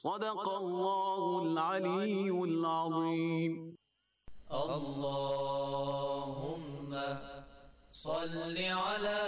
صدق الله العلي العظيم اللهم صل على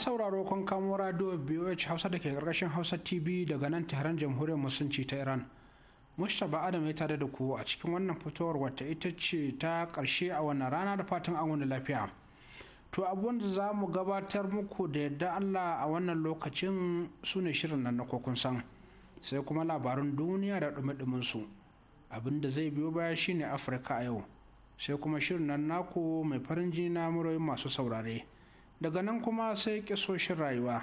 sauraro kun kamo radio boh hausa da ke karkashin hausa tv daga nan taron jamhuriyar musulunci ta iran mustapha adam ya tare da ku a cikin wannan fitowar wata ita ce ta karshe a wannan rana da fatan an wani lafiya to abubuwan da za mu gabatar muku da yadda allah a wannan lokacin su ne shirin nan na kokun san sai kuma labarun duniya da dumi su abin da zai biyo baya shine afirka a yau sai kuma shirin nan naku mai farin jini na masu saurare daga nan kuma sai kisoshin rayuwa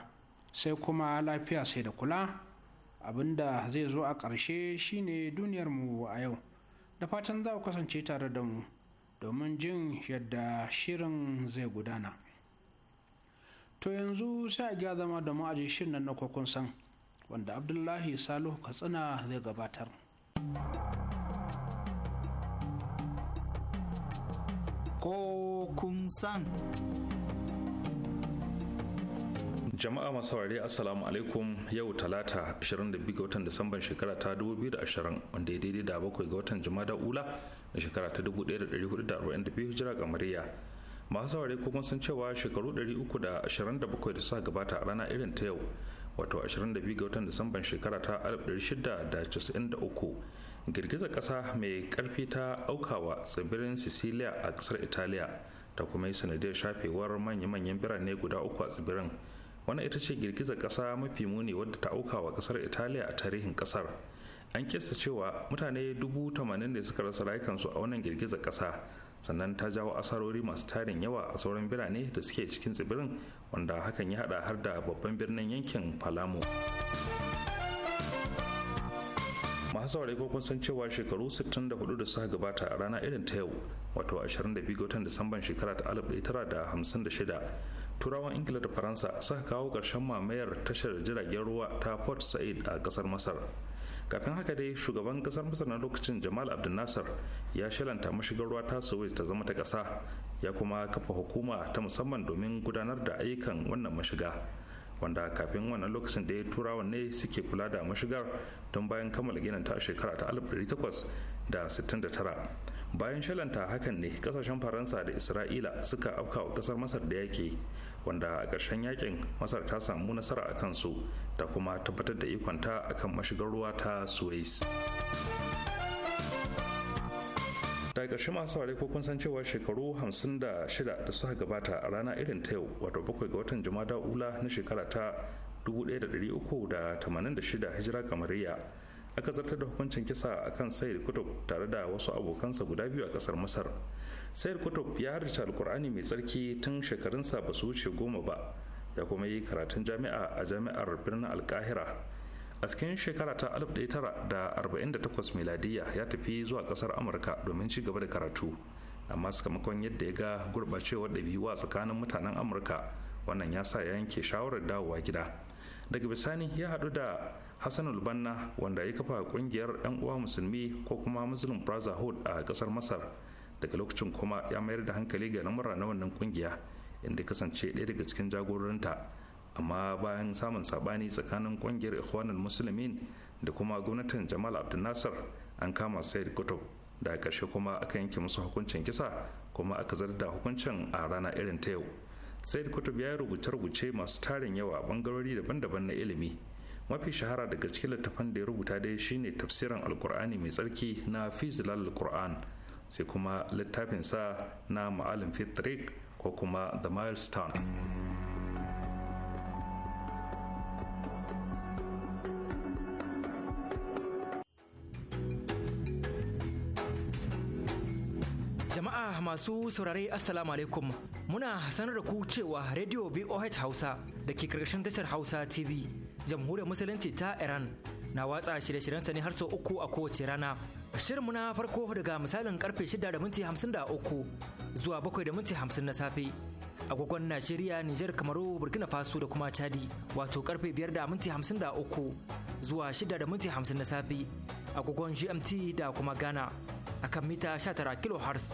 sai kuma lafiya sai da kula abinda zai zo a ƙarshe shine duniyarmu a yau da fatan za ku kasance tare da mu domin jin yadda shirin zai gudana to yanzu sai a gya zama da ma'aji shirin nan na kokon san wanda abdullahi salihu katsina zai gabatar kokun san jama'a masu saurare assalamu alaikum yau talata 22 ga watan disamban shekara ta 2020 wanda ya daidai da bakwai ga watan da ula da shekara ta 1442 hijira kamariya masu saurare kuma sun cewa shekaru 327 da suka gabata a rana irin ta yau wato 22 ga watan disamban shekara ta 1693 girgizar kasa mai karfi ta aukawa tsibirin sicilia a kasar italiya ta kuma yi sanadiyar shafewar manya-manyan birane guda uku a tsibirin wannan ita ce girgizar ƙasa mafi muni wadda ta auka wa ƙasar italiya a tarihin ƙasar an kista cewa mutane dubu tamanin ne suka rasa rayukansu a wannan girgizar ƙasa sannan ta jawo asarori masu tarin yawa a sauran birane da suke cikin tsibirin wanda hakan ya hada har da babban birnin yankin palamo masu saurari ko kun san cewa shekaru 64 da suka gabata a rana irin ta yau wato 22 ga watan disamban shekara ta 1956 turawan ingila da faransa suka kawo ƙarshen mamayar tashar jiragen ruwa ta port said a ƙasar masar kafin haka dai shugaban ƙasar masar na lokacin jamal abdul nasar ya shalanta mashigar ruwa ta suwais ta zama ta ƙasa ya kuma kafa hukuma ta musamman domin gudanar da ayyukan wannan mashiga wanda kafin wannan lokacin da ya turawa ne suke kula da mashigar don bayan kammala ginin ta shekara ta 1869 bayan shalanta hakan ne kasashen faransa da isra'ila suka afka wa kasar masar da yake wanda a ƙarshen yakin masar ta samu nasara a kansu da kuma tabbatar da ikonta a kan mashigar ruwa ta suez daga ƙarshe masu ware kun san cewa shekaru 56 da suka gabata a rana irin ta yau wato bakwai ga watan jumada ula na shekara ta 1386 hijira kamariya aka zartar da hukuncin kisa a akan said kutub tare da wasu abokansa guda biyu a ƙasar masar sayar kutub ya harita alkur'ani mai tsarki tun shekarunsa ba su wuce goma ba ya kuma yi karatun jami'a a jami'ar birnin alkahira a cikin shekara ta 1948 miladiyya ya tafi zuwa kasar amurka domin ci gaba da karatu amma sakamakon yadda ya ga gurɓacewar ɗabi'u a tsakanin mutanen amurka wannan ya sa ya yanke shawarar dawowa gida daga bisani ya haɗu da hassan ulbanna wanda ya kafa ƙungiyar 'yan uwa musulmi ko kuma muslim brotherhood a ƙasar masar daga lokacin kuma ya mayar da hankali ga lamura na wannan kungiya inda kasance ɗaya daga cikin jagoranta amma bayan samun sabani tsakanin kungiyar ikhwanul musulmin da kuma gwamnatin jamal abdul nasir an kama sayid kutub da ƙarshe kuma aka yanke musu hukuncin kisa kuma aka zarda hukuncin a rana irin ta yau said kutub ya yi rubuce-rubuce masu tarin yawa a bangarori daban-daban na ilimi mafi shahara daga cikin littafan da ya rubuta dai shine tafsirin alkur'ani mai tsarki na fizilal qur'an sai kuma Littafin Sa na ma'alin fitrik ko kuma the milestone jama'a masu saurare assalamu alaikum muna sanar da ku cewa radio voh hausa da ke karkashin tashar hausa tv jamhuriyar musulunci ta iran na watsa shirye-shiryensa ne har sau uku a kowace rana. Shirinmu na farko daga misalin karfe 6:53 zuwa 7:50 na safe. Agogon Najeriya, Nijar, Kamaru, Burkina Faso da kuma Chadi wato karfe 5:53 zuwa 6:50 na safe. Agogon GMT da kuma Ghana akan mita 19 kHz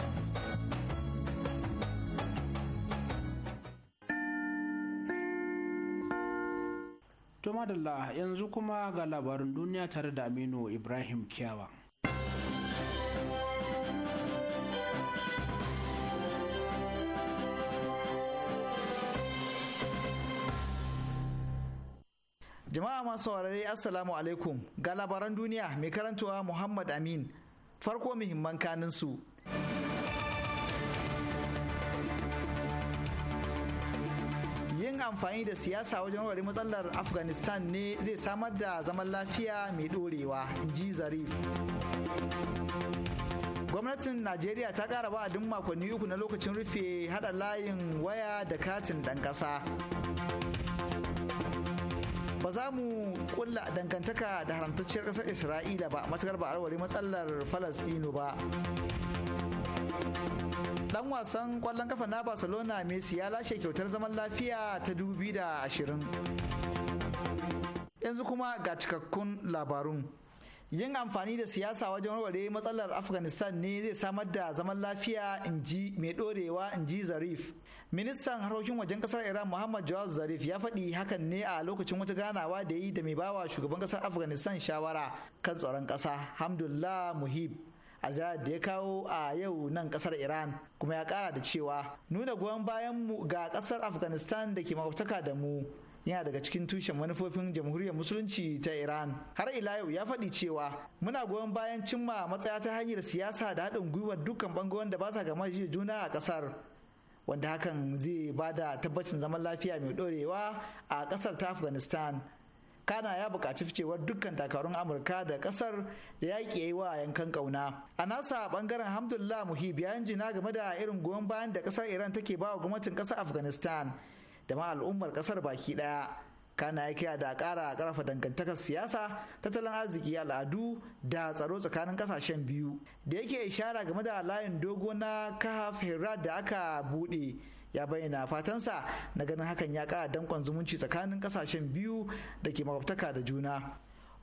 madalla yanzu kuma ga labarin duniya tare da aminu ibrahim kiyawa jama'a masu saurare assalamu alaikum ga labaran duniya mai karantowa muhammad amin farko muhimman kanin amfani da siyasa wajen warware matsalar afghanistan ne zai samar da zaman lafiya mai dorewa ji zarif gwamnatin najeriya ta kara duk makonni uku na lokacin rufe hada layin waya da katin dan kasa ba za mu kulla dangantaka da haramtacciyar ƙasar isra'ila ba matakar ba arware matsalar falastino ba dan wasan kwallon kafa na barcelona messi ya lashe kyautar zaman lafiya ta 2020 yanzu kuma ga cikakkun labarun yin amfani da siyasa wajen warware matsalar afghanistan ne zai samar da zaman lafiya in ji mai dorewa ji zarif ministan harkokin wajen kasar iran muhammad jawaz zarif ya faɗi hakan ne a lokacin wata ganawa da yi da mai bawa shugaban kasar afghanistan shawara kan tsaron ƙasa hamdullah muhib a ziyarar da ya kawo a yau nan kasar iran kuma ya kara da cewa nuna goyon bayan mu ga kasar afghanistan da ke makwabtaka da mu yana daga cikin tushen manufofin jamhuriyar musulunci ta iran har ila yau ya faɗi cewa muna goyon bayan cimma matsaya ta hanyar siyasa da haɗin gwiwar dukkan bangon da ba sa gama juna a kasar. wanda hakan zai ba da tabbacin zaman lafiya mai ɗorewa a kasar ta afghanistan kana ya bukaci ficewar dukkan takarun amurka da ƙasar da yaƙi ya yi wa yankan ƙauna a nasa ɓangaren hamdulillah muhib ya jina game da irin goyon bayan da ƙasar iran take ba wa gwamnatin ƙasar afghanistan da ma al'ummar ƙasar baki ɗaya kana ya kiya da ƙara ƙarfa dangantakar siyasa tattalin arziki al'adu da tsaro tsakanin ƙasashen biyu da yake ishara game da layin dogo na kahaf herat da aka buɗe ya bayyana fatansa na ganin hakan ya kara dankon zumunci tsakanin kasashen biyu da ke makwabtaka da juna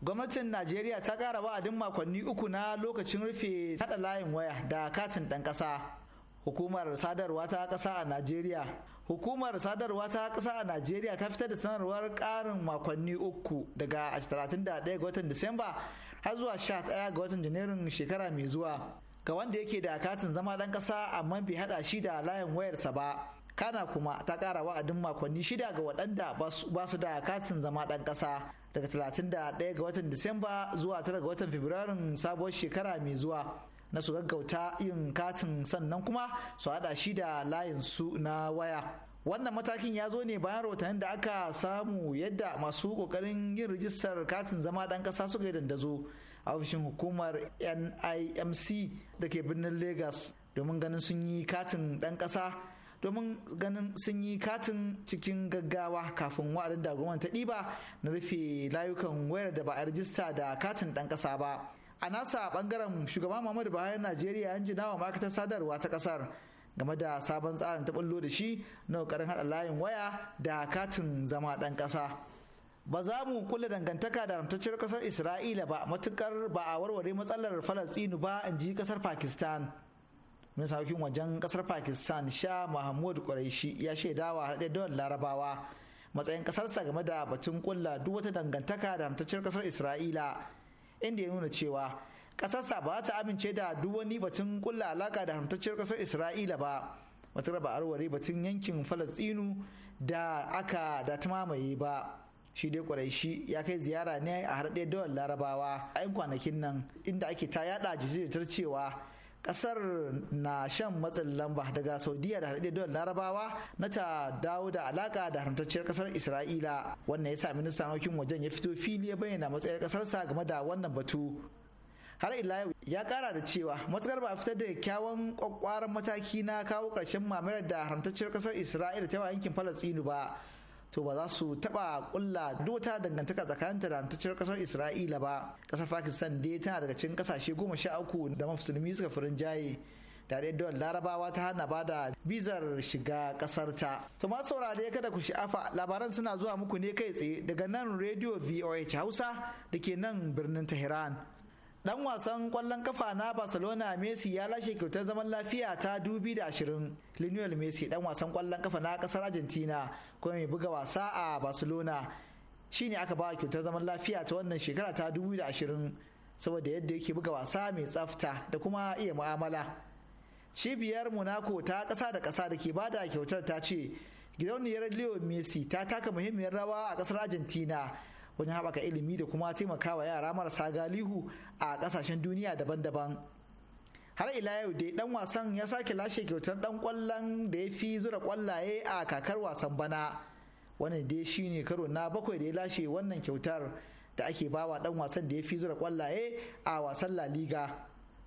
gwamnatin najeriya ta kara wa'adin makonni uku na lokacin rufe hada layin waya da katin dan kasa. hukumar sadarwa ta kasa a najeriya hukumar sadarwa ta kasa a najeriya ta fitar da sanarwar karin makonni uku daga 31 ga watan disamba har zuwa 11 ga watan janairun shekara mai zuwa ga wanda yake da katin zama dan kasa amma bai haɗa shi da layin wayarsa ba kana kuma ta kara wa'adin makonni shida ga waɗanda ba su da katin zama ɗan ƙasa daga 31 ga watan disamba zuwa 9 ga watan februarin sabuwar shekara mai zuwa na su gaggauta yin katin sannan kuma su haɗa shi da layin su na waya wannan matakin ya zo ne bayan rawatani da aka samu yadda masu kokarin yin rijistar katin zama ɗan ƙasa suka yi dandazo a ofishin hukumar nimc da ke birnin lagos domin ganin sun yi katin ɗan ƙasa domin ganin sun yi katin cikin gaggawa kafin wa'adin da ta ɗiba na rufe layukan wayar da ba a rajista da katin ɗan ƙasa ba a nasa ɓangaren shugaban muhammadu buhari najeriya an jina wa ma'aikatar sadarwa ta ƙasar game da sabon tsarin ta ɓullo da shi na ƙoƙarin haɗa layin waya da katin zama ɗan ƙasa ba za mu kulle dangantaka da haramtacciyar kasar isra'ila ba matukar ba a warware matsalar falastinu ba in ji kasar pakistan ministan harkokin wajen kasar pakistan sha mahmud quraishi ya shaidawa haɗe dawar larabawa matsayin kasarsa game da batun kulla duk wata dangantaka da hamtacciyar kasar isra'ila inda ya nuna cewa kasarsa ba ta amince da duk wani batun kulla alaka da hamtacciyar kasar isra'ila ba wata ba arware batun yankin falastinu da aka da ta mamaye ba shi dai kwaraishi ya kai ziyara ne a harɗe dawar larabawa a 'yan kwanakin nan inda ake ta yada jita cewa kasar na shan matsin lamba daga saudiya da haɗe don larabawa na ta dawo da alaka da haramtacciyar kasar isra'ila wannan ya sa ministan harkokin wajen ya fito fili ya bayyana matsayar kasarsa game da wannan batu har ila ya kara da cewa matsalar ba a fitar da kyawun kwakwaran mataki na kawo ƙarshen mamayar da haramtacciyar kasar isra'ila ta yankin falastinu ba to ba za su taba kulla duk wata dangantaka tsakaninta da tacciyar kasar isra'ila ba kasar pakistan dai tana daga cikin kasashe goma sha uku da musulmi suka furin jaye tare da larabawa ta hana ba da bizar shiga kasar ta to ma saurare kada ku sha'afa labaran suna zuwa muku ne kai tsaye daga nan radio voh hausa dake nan birnin tehran dan wasan kwallon kafa na barcelona messi ya lashe kyautar zaman lafiya ta dubi da ashirin lionel messi dan wasan kwallon kafa na kasar argentina kuma mai buga wasa a barcelona shine aka ba kyautar zaman lafiya ta wannan shekara ta dubi da ashirin saboda yadda yake buga wasa mai tsafta da kuma iya mu'amala cibiyar monaco ta kasa da kasa da ke bada kyautar ta ce gidauniyar leo messi ta taka muhimmiyar rawa a kasar argentina wajen haɓaka ilimi da kuma taimakawa yara marasa galihu a ƙasashen duniya daban-daban har ila yau dai dan wasan ya sake lashe kyautar dan kwallon da ya fi zura kwallaye a kakar wasan bana wannan dai shine karo na bakwai da ya lashe wannan kyautar da ake bawa dan wasan da ya fi zura kwallaye a wasan La Liga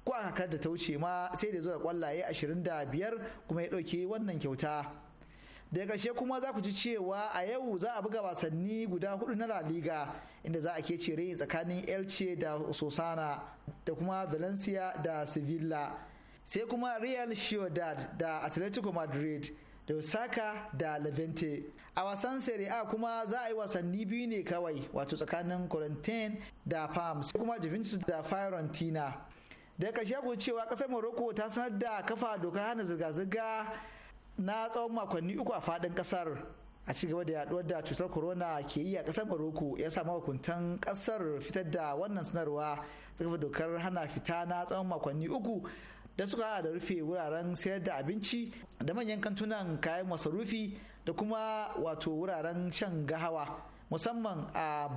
ko a kakar da ta wuce ma sai da zura kwallaye 25 kuma ya ɗauke wannan kyauta daga ƙarshe kuma za ku ji cewa a yau za a buga wasanni guda hudu na La Liga inda za a ke cire tsakanin Elche da Sosana da kuma Valencia da Sevilla sai kuma Real Sociedad da Atletico Madrid da Osaka da Levante a wasan Serie A kuma za a yi wasanni biyu ne kawai wato tsakanin Corinthians da Palms sai kuma Juventus da Fiorentina da ƙarshe ku cewa ƙasar Morocco ta sanar da kafa dokar hana zirga-zirga na tsawon makonni uku a faɗin ƙasar a ci gaba da yaduwar da cutar corona ke yi a kasar maroko ya sa mahukuntan kasar fitar da wannan sanarwa ta kafa dokar hana fita na tsawon makonni uku da suka da rufe wuraren sayar da abinci da manyan kantunan kayan masarufi da kuma wato wuraren shan gahawa musamman a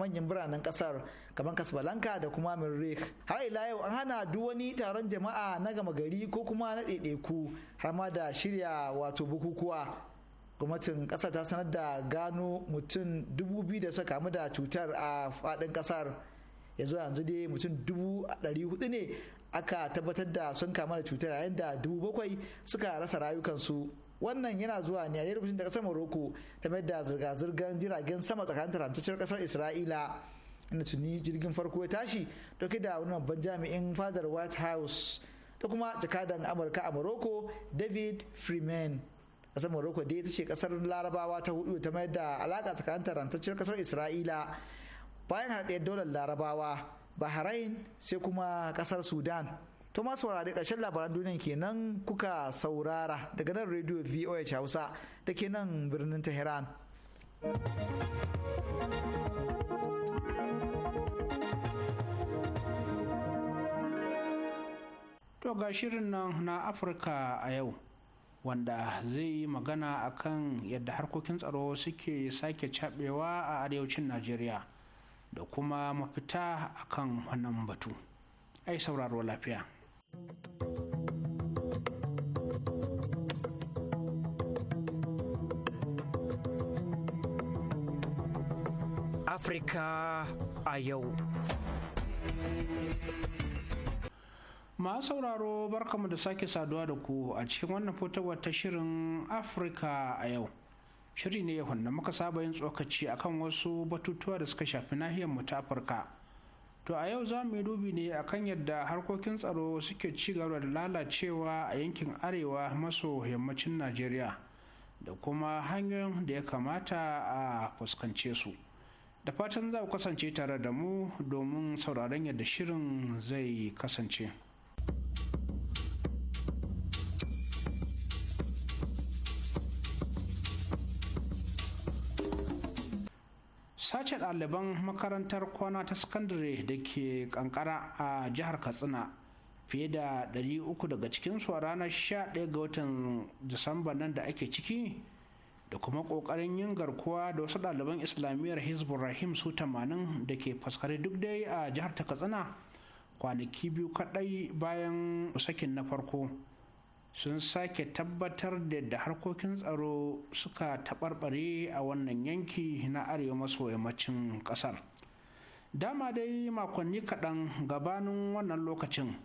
manyan biranen kasar kamar casablanca da kuma mirrik har ila yau an hana duk wani taron jama'a na gama gari ko kuma na ɗaiɗaiku har ma da shirya wato bukukuwa gwamnatin ƙasar ta sanar da gano mutum dubu biyu da suka kamu da cutar a faɗin kasar ya zo yanzu dai mutum dubu ɗari hudu ne aka tabbatar da sun kamu da cutar yayin da dubu bakwai suka rasa rayukansu wannan yana zuwa ne a lokacin da kasar morocco ta mayar da zirga-zirgar jiragen sama tsakanin tarantacciyar kasar isra'ila inda tuni jirgin farko ya tashi dauke da wani babban jami'in fadar white house da kuma jakadan amurka a morocco david freeman kasar morocco da ita ce kasar larabawa ta hudu ta mayar da alaka tsakanin tarantacciyar kasar isra'ila bayan haɗaɗɗiyar daular larabawa bahrain sai kuma kasar sudan to ma saurari ƙarshen labaran duniya kenan kuka saurara daga nan radio voa hausa da ke nan birnin tehran to ga shirin nan na afirka a yau wanda zai yi magana akan yadda harkokin tsaro suke sake cabewa a arewacin najeriya da kuma mafita akan wannan batu ai sauraro lafiya Afrika a yau. Masu sauraro barkamu da sake saduwa da ku a cikin wannan fitowar ta shirin Afirka a yau. Shiri ne ya hunna muka saba yin tsokaci akan wasu batutuwa da suka shafi nahiyar mu ta Afirka. to a yau za mu yi dubi ne akan yadda harkokin tsaro suke ci gaba da lalacewa a yankin arewa maso yammacin najeriya da kuma hanyoyin da ya kamata a fuskance su da fatan za ku kasance tare da mu domin sauraron yadda shirin zai kasance. sace ɗaliban makarantar kwana ta sakandare da ke kankara a jihar katsina fiye da 300 daga cikinsu a ranar 11 ga watan disamba nan da ake ciki da kuma ƙoƙarin yin garkuwa da wasu ɗaliban islamiyyar Hezbollah rahim su 80 da ke faskare duk dai a jihar ta katsina kwanaki biyu kaɗai bayan sakin na farko sun sake tabbatar da da harkokin tsaro suka taɓarɓare a wannan yanki na arewa maso yammacin ƙasar dama dai makonni kaɗan gabanin wannan lokacin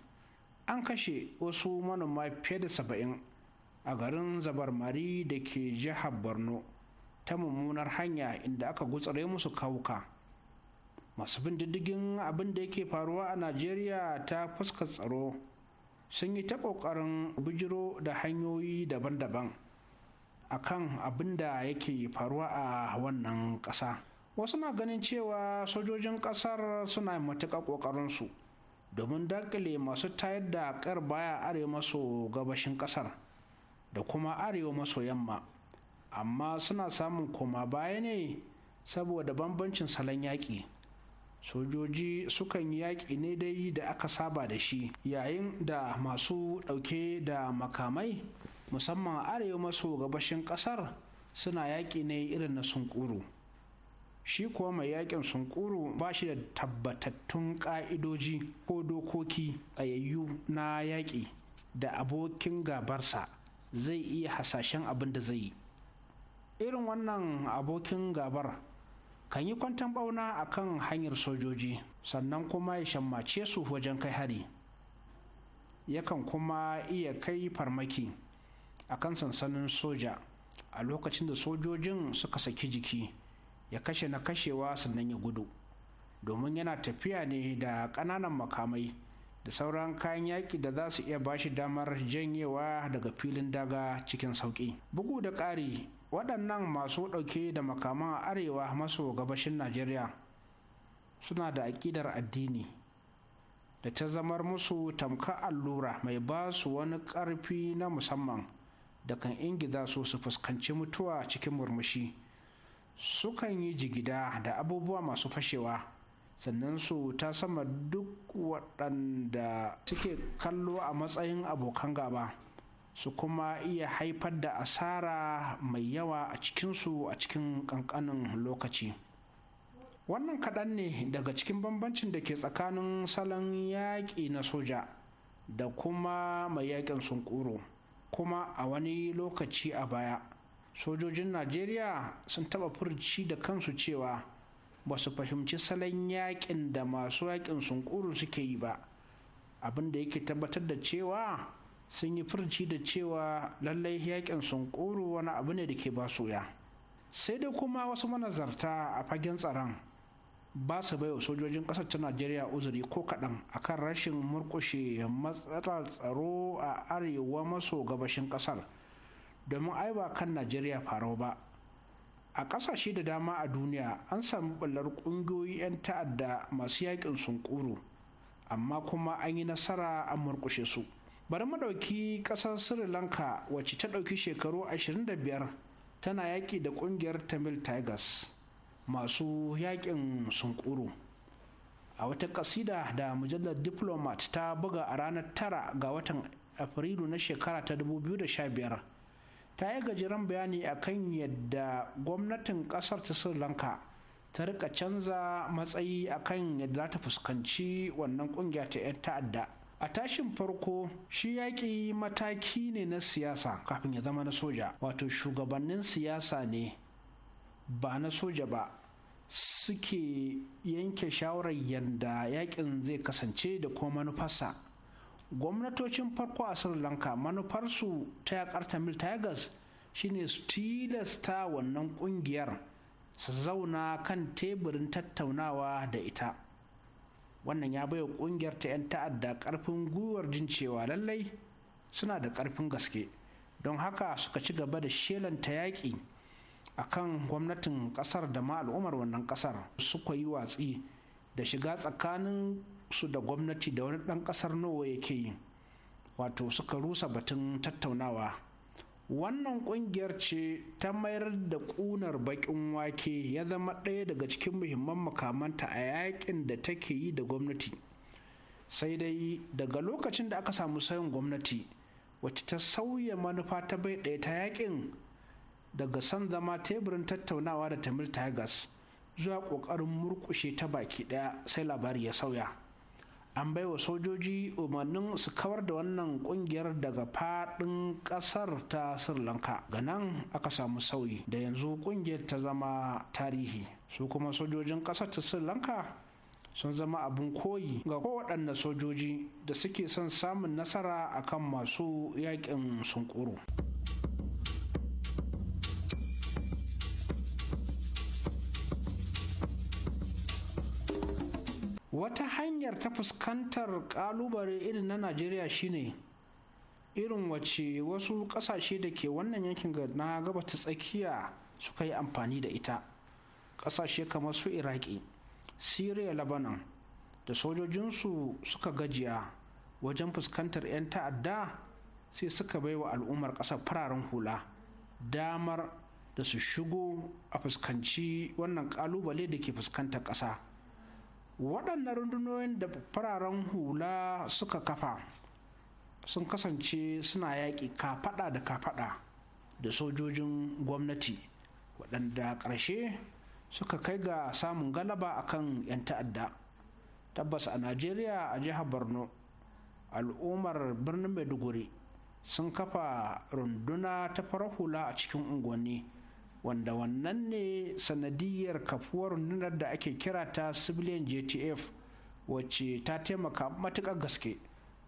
an kashe wasu manoma fiye da saba'in a garin zabarmari da ke jihar borno ta mummunar hanya inda aka gutsare musu kawuka masu bin diddigin abin da yake faruwa a najeriya ta fuskar tsaro sun yi ta ƙoƙarin bijiro da hanyoyi daban-daban a kan abin da yake faruwa a wannan ƙasa wasu na ganin cewa sojojin ƙasar suna matuƙa ƙoƙarinsu domin dakile masu tayar da ƙar baya arewa maso gabashin ƙasar da kuma arewa maso yamma amma suna samun koma baya ne saboda bambancin salon yaƙi sojoji sukan yi yaƙi ne dai da aka saba da shi yayin da masu ɗauke da makamai musamman a arewa maso gabashin ƙasar suna yaƙi ne irin na sunkuru shi kuwa mai yaƙin sunkuru ba shi da tabbatattun ƙa'idoji ko dokoki tsayayyu na yaƙi da abokin gabarsa zai iya hasashen abin da zai yi irin wannan abokin gabar kan yi kwantan bauna a kan hanyar sojoji sannan kuma ya shammace su wajen kai hari yakan kuma iya kai farmaki a kan sansanin soja a lokacin da sojojin suka saki jiki ya kashe na kashewa sannan ya gudu domin yana tafiya ne da ƙananan makamai da sauran kayan yaƙi da za su iya bashi damar janyewa daga filin daga cikin sauƙi bugu da ƙari waɗannan masu ɗauke da makaman a arewa maso gabashin najeriya suna da aƙidar addini da ta zamar musu tamka allura mai ba su wani ƙarfi na musamman da kan ingida su su fuskanci mutuwa cikin murmushi sukan yi jigida da abubuwa masu fashewa sannan su ta sama duk waɗanda suke kallo a matsayin abokan gaba. su kuma iya haifar da asara mai yawa a cikinsu a cikin ƙanƙanin lokaci wannan kaɗan ne daga cikin bambancin da ke tsakanin salon yaƙi na soja da kuma mai yaƙin sunkuru kuma a wani lokaci a baya sojojin najeriya sun taɓa furci da kansu cewa ba su fahimci salon yaƙin da masu yaƙin sunkuru suke yi ba abin da yake tabbatar da cewa sun yi furci da cewa lallai yakin sunkuru wani abu ne da ke ba soya sai dai kuma wasu manazarta a fagen tsaron ba su wa sojojin ƙasar ta najeriya uzuri ko kaɗan kan rashin murƙushe matsalar tsaro a arewa maso gabashin ƙasar domin ai ba kan najeriya farau ba a ƙasashe da dama a duniya an samu ɓullar ƙungiyoyi 'yan ta'adda masu yaƙin sunkuru amma kuma an yi nasara an murƙushe su bari mu ɗauki ƙasar sri lanka wacce ta ɗauki shekaru 25 tana yaƙi da ƙungiyar tamil tigers masu yaƙin sunkuru a wata ƙasida da mujallar diplomat ta buga a ranar Tara ga watan afrilu na shekara ta 2015 ta yi gajeren bayani a kan yadda gwamnatin ƙasar ta sri lanka ta rika canza matsayi a kan yadda za ta fuskanci wannan ƙungiya ta 'yan ta'adda a tashin farko shi yaƙi mataki ne na siyasa kafin ya zama na soja wato shugabannin siyasa ne ba na soja ba suke yanke shawarar yadda yakin zai kasance da kuma manufarsa gwamnatocin farko a sri lanka manufarsu ta yakar tamil tigers shine su tilasta wannan kungiyar su zauna kan teburin tattaunawa da ita wannan ya baiwa kungiyar ta 'yan ta'adda karfin gwiwar jin cewa lallai suna da karfin gaske don haka suka ci gaba da shelanta yaƙi a kan gwamnatin ƙasar da ma al'ummar wannan ƙasar suka yi watsi da shiga tsakanin su da gwamnati da wani ɗan ƙasar nowa yake yi wato suka rusa batun tattaunawa wannan kungiyar ce ta mayar da kunar bakin wake ya zama ɗaya daga cikin muhimman makamanta a yakin da take yi da gwamnati sai dai daga lokacin da aka samu sayin gwamnati wacce ta sauya manufa ta bai ɗaya ta yakin daga san zama teburin tattaunawa da tamil tigers zuwa ƙoƙarin murƙushe ta baki ɗaya sai labari ya sauya an bai wa sojoji umarnin su kawar da wannan kungiyar daga fadin kasar ta sri lanka ga nan aka samu sauyi da yanzu kungiyar ta zama tarihi su kuma sojojin kasar ta sri lanka sun zama abin koyi ga kowaɗanne sojoji da suke son samun nasara akan masu yakin sunkuru. wata hanyar ta fuskantar kalubale irin na najeriya shine irin wace wasu kasashe da ke wannan yankin na gaba ta tsakiya suka yi amfani da ita kasashe kamar su iraki syria lebanon da sojojinsu suka gajiya wajen fuskantar 'yan ta'adda sai suka bai wa al'ummar ƙasar fararen hula damar da su shigo a fuskanci wannan kalubale da ke fuskantar ƙasa waɗannan rundunoyin da fararen hula suka kafa sun kasance suna yaƙi kafaɗa da kafaɗa da sojojin gwamnati waɗanda ƙarshe suka kai ga samun galaba a kan 'yan ta'adda tabbas a najeriya a jihar borno al'ummar birnin maiduguri sun kafa runduna ta farar hula a cikin unguwanni wanda wannan ne sanadiyar kafuwar nunar da ake kira ta civilian jtf wacce ta taimaka matuƙar gaske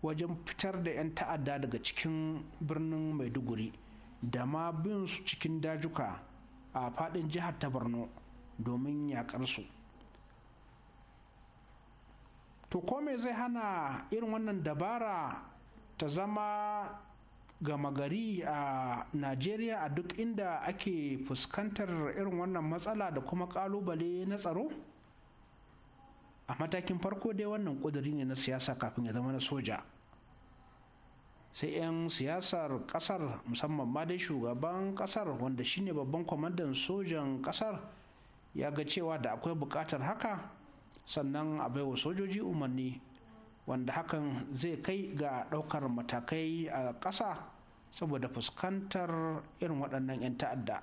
wajen fitar da 'yan ta'adda daga cikin birnin maiduguri da ma bin su cikin dajuka a faɗin jihar ta borno domin yaƙarsu? to ko zai hana irin wannan dabara ta zama gama gari a najeriya a duk inda ake fuskantar irin wannan matsala da kuma kalubale na tsaro a matakin farko dai wannan kuduri ne na siyasa kafin ya zama na soja sai 'yan siyasar ƙasar musamman ma dai shugaban ƙasar wanda shine babban kwamandan sojan ƙasar ya ga cewa da akwai buƙatar haka sannan a baiwa sojoji umarni wanda hakan zai kai ga ɗaukar matakai a ƙasa saboda fuskantar irin waɗannan 'yan ta'adda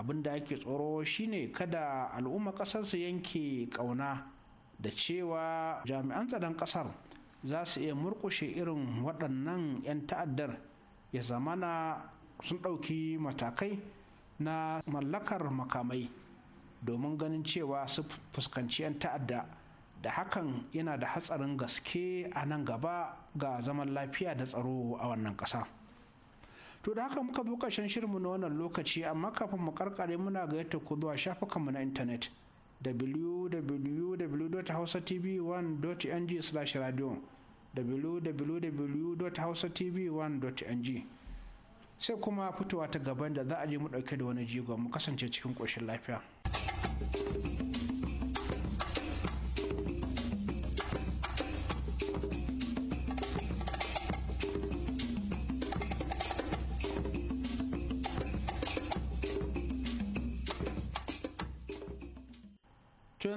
abin da ake tsoro shine kada al'umma ƙasar su yanke ƙauna da cewa jami'an tsaron ƙasar za su iya murƙushe irin waɗannan 'yan ta'addar ya zamana sun ɗauki matakai na mallakar makamai domin ganin cewa su fuskanci 'yan ta'adda da hakan yana da hatsarin gaske a nan gaba ga zaman lafiya da tsaro a wannan ƙasa. to da haka muka bi ƙarshen shirinmu na wannan lokaci amma kafin mu karkare muna ga yadda ku zuwa shafukanmu na intanet www.hausatv1.ng/radio www.hausatv1.ng sai kuma fitowa ta gaban da za a je mu ɗauke da wani jigo mu kasance cikin ƙoshin lafiya.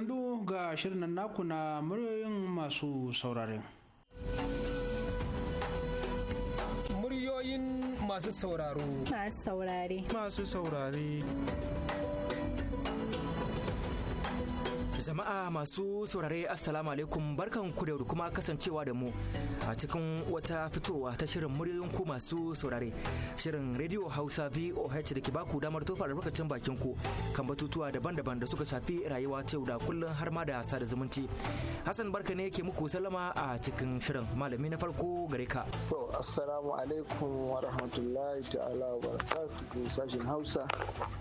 yanzu ga shirin naku na muryoyin masu saurare. Muryoyin masu sauraro. Masu saurare. Masu saurare. Jama'a masu saurare Assalamu alaikum barkan ku da kuma kasancewa da mu a cikin wata fitowa ta shirin muryoyin ku masu saurare. Shirin Radio Hausa VOH da ke baku damar tofa albarkacin bakin ku kan batutuwa daban-daban da suka shafi rayuwa ta da kullum har ma da sada zumunci. Hassan barka ne ke muku salama a cikin shirin malami na farko gare ka. To Assalamu alaikum wa rahmatullahi ta'ala wa barakatuhu sashen Hausa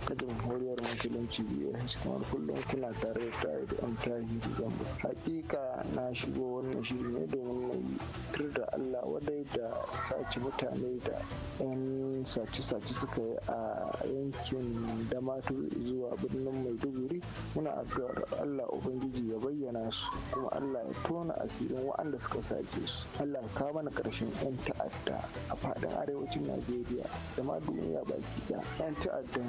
da jamhuriyar musulunci VOH kamar kullum kuna tare da Abdullahi Gambo. Hakika na shigo wannan shiri ne domin na yi tur da Allah wadai da sace mutane da 'yan sace-sace suka yi a yankin Damatu zuwa birnin Maiduguri. Muna addu'ar Allah Ubangiji ya bayyana su kuma Allah ya tona asirin wa'anda suka sace su. Allah ya kawo mana ƙarshen 'yan ta'adda a faɗin arewacin Najeriya da ma duniya baki ɗaya. 'Yan ta'adda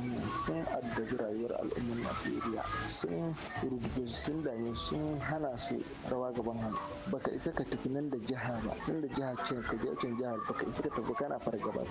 sun addabi rayuwar al'ummar Najeriya sun rubuta sun dame sun hana su rawa gaban hannu baka isa ka tafi nan da jiha ba nan da jiha ce ka je can jihar baka isa ka tafi kana gaba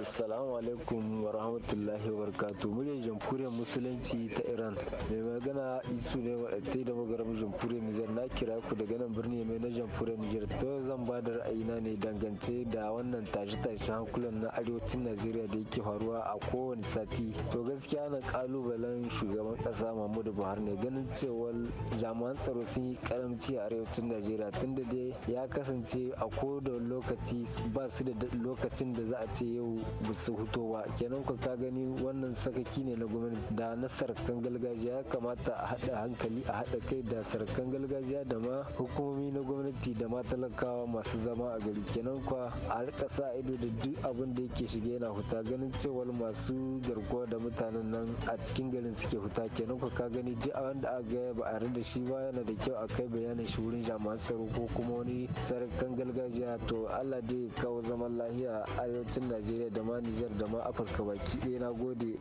assalamu alaikum wa rahmatullahi wa barakatuh muryar jamhuriyar musulunci ta iran mai magana isu ne wadatai da magaram jamhuriyar nijar na kira ku daga nan birni mai na jamhuriyar nijar to zan ba da ra'ayina ne dangance da wannan tashe-tashen hankulan na arewacin najeriya da yake faruwa a kowane sati to gaskiya na kalubalen shugaban kasa mahmudu buhari ne ganin cewa jami'an tsaro sun yi karamci a arewacin najeriya da dai ya kasance a da lokaci ba su da lokacin da za a ce yau ba su hutu ba kenan ku ka gani wannan sakaki ne na gwamnati da na sarkan gargajiya ya kamata a haɗa hankali a haɗa kai da sarkan gargajiya da ma hukumomi na gwamnati da ma talakawa masu zama a gari kenan kwa a rika sa ido da duk abin da yake shige yana huta ganin cewa masu garkuwa da mutanen nan a cikin garin suke huta kenan kwa ka gani duk a wanda aka ga ba a da shi ba yana da kyau a kai bayanin shi wurin jami'an tsaro ko kuma wani sarakan gargajiya to Allah dai kawo zaman lafiya. a arewacin Najeriya da ma Nijar da ma Afirka baki ɗaya na gode.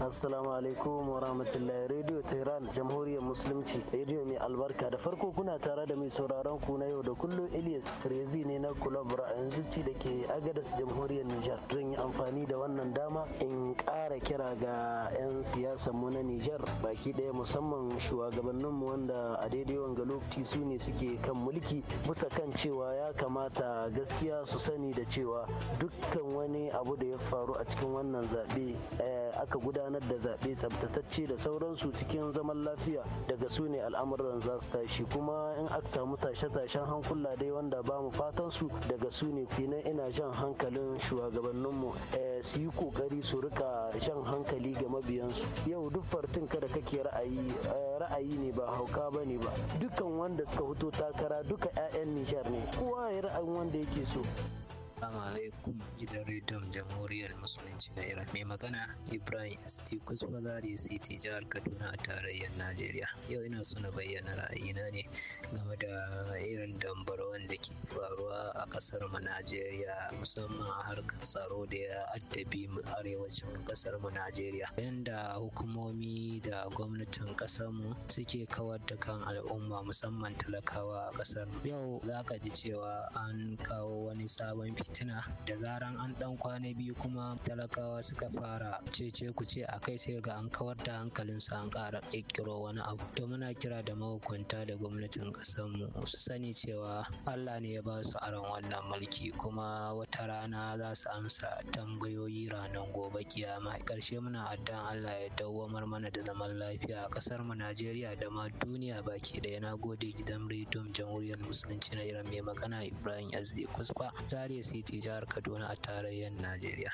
Assalamu alaikum wa rahmatullahi Radio Tehran Jamhuriyar Musulunci Radio mai albarka da farko kuna tare da mai sauraron ku na yau da kullum Elias Rezi ne na Kulabra a yanzu ci da ke Agadas Jamhuriyar Nijar zan yi amfani da wannan dama in kara kira ga 'yan siyasa mu na Nijar baki ɗaya musamman shugabannin mu wanda a daidai wanga lokaci su ne suke kan mulki bisa kan cewa ya kamata gaskiya su sani da cewa dukkan wani abu da ya faru a cikin wannan zaɓe eh, aka gudanar da zaɓe tsabtatacce da sauransu cikin zaman lafiya daga su ne al'amuran za su tashi kuma in aka samu tashe-tashen hankula dai wanda ba mu fatan su daga su ne kenan ina jan hankalin shugabanninmu eh, su yi kokari su rika jan hankali ga mabiyansu yau duk fartin kada kake ra'ayi eh, ra'ayi ne ba ba hauka ba ne ba dukkan wanda suka fito takara duka 'ya'yan nijar ne kowa ya ra'ayin wanda yake so Assalamu alaikum gidan rediyon jamhuriyar musulunci na Iran. Mai magana Ibrahim ST Kusfazari City jihar Kaduna a tarayyar Najeriya. Yau ina so na bayyana ra'ayina ne game da irin dambarwan da ke faruwa a kasar mu Najeriya musamman a harkar tsaro da ya addabi mu arewacin kasar mu Najeriya. Yanda hukumomi da gwamnatin kasar mu suke kawar da kan al'umma musamman talakawa a kasar mu. Yau za ka ji cewa an kawo wani sabon fitina fitina da zaran an ɗan kwana biyu kuma talakawa suka fara cece ku ce a kai sai ga an kawar da hankalin su an ƙara ƙirƙiro wani abu to muna kira da mahukunta da gwamnatin mu su sani cewa allah ne ya ba su aron wannan mulki kuma wata rana za su amsa tambayoyi ranar gobe kiyama ƙarshe muna addan allah ya dawwamar mana da zaman lafiya a ƙasar mu najeriya da ma duniya baki ɗaya na gode gidan rediyon jamhuriyar musulunci na iran mai magana ibrahim azdi Zaria zariya Fagiti jihar Kaduna a tarayyar Najeriya.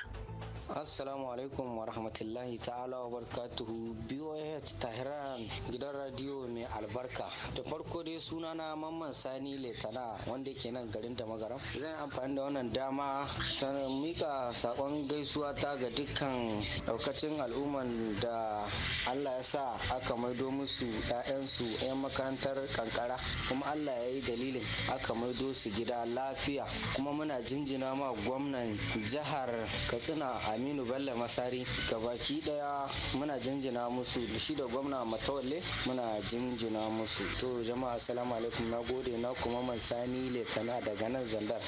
Assalamu alaikum wa rahmatullahi ta'ala wa barkatuhu BOH Tahiran gidan radiyo mai albarka. Da farko dai na Mamman Sani Letana wanda ke nan garin da magaram. Zan amfani da wannan dama sanar mika sakon gaisuwa ta ga dukkan daukacin al'umman da Allah ya sa aka maido musu 'ya'yansu 'yan makarantar kankara kuma Allah ya yi dalilin aka maido su gida lafiya kuma muna jinjin na ma gwamnan jihar katsina aminu bello masari gabaki daya muna jinjina musu shi da gwamna matawalle muna jinjina musu to jama'a assalamu alaikum na gode na kuma mansani letana daga nan zandar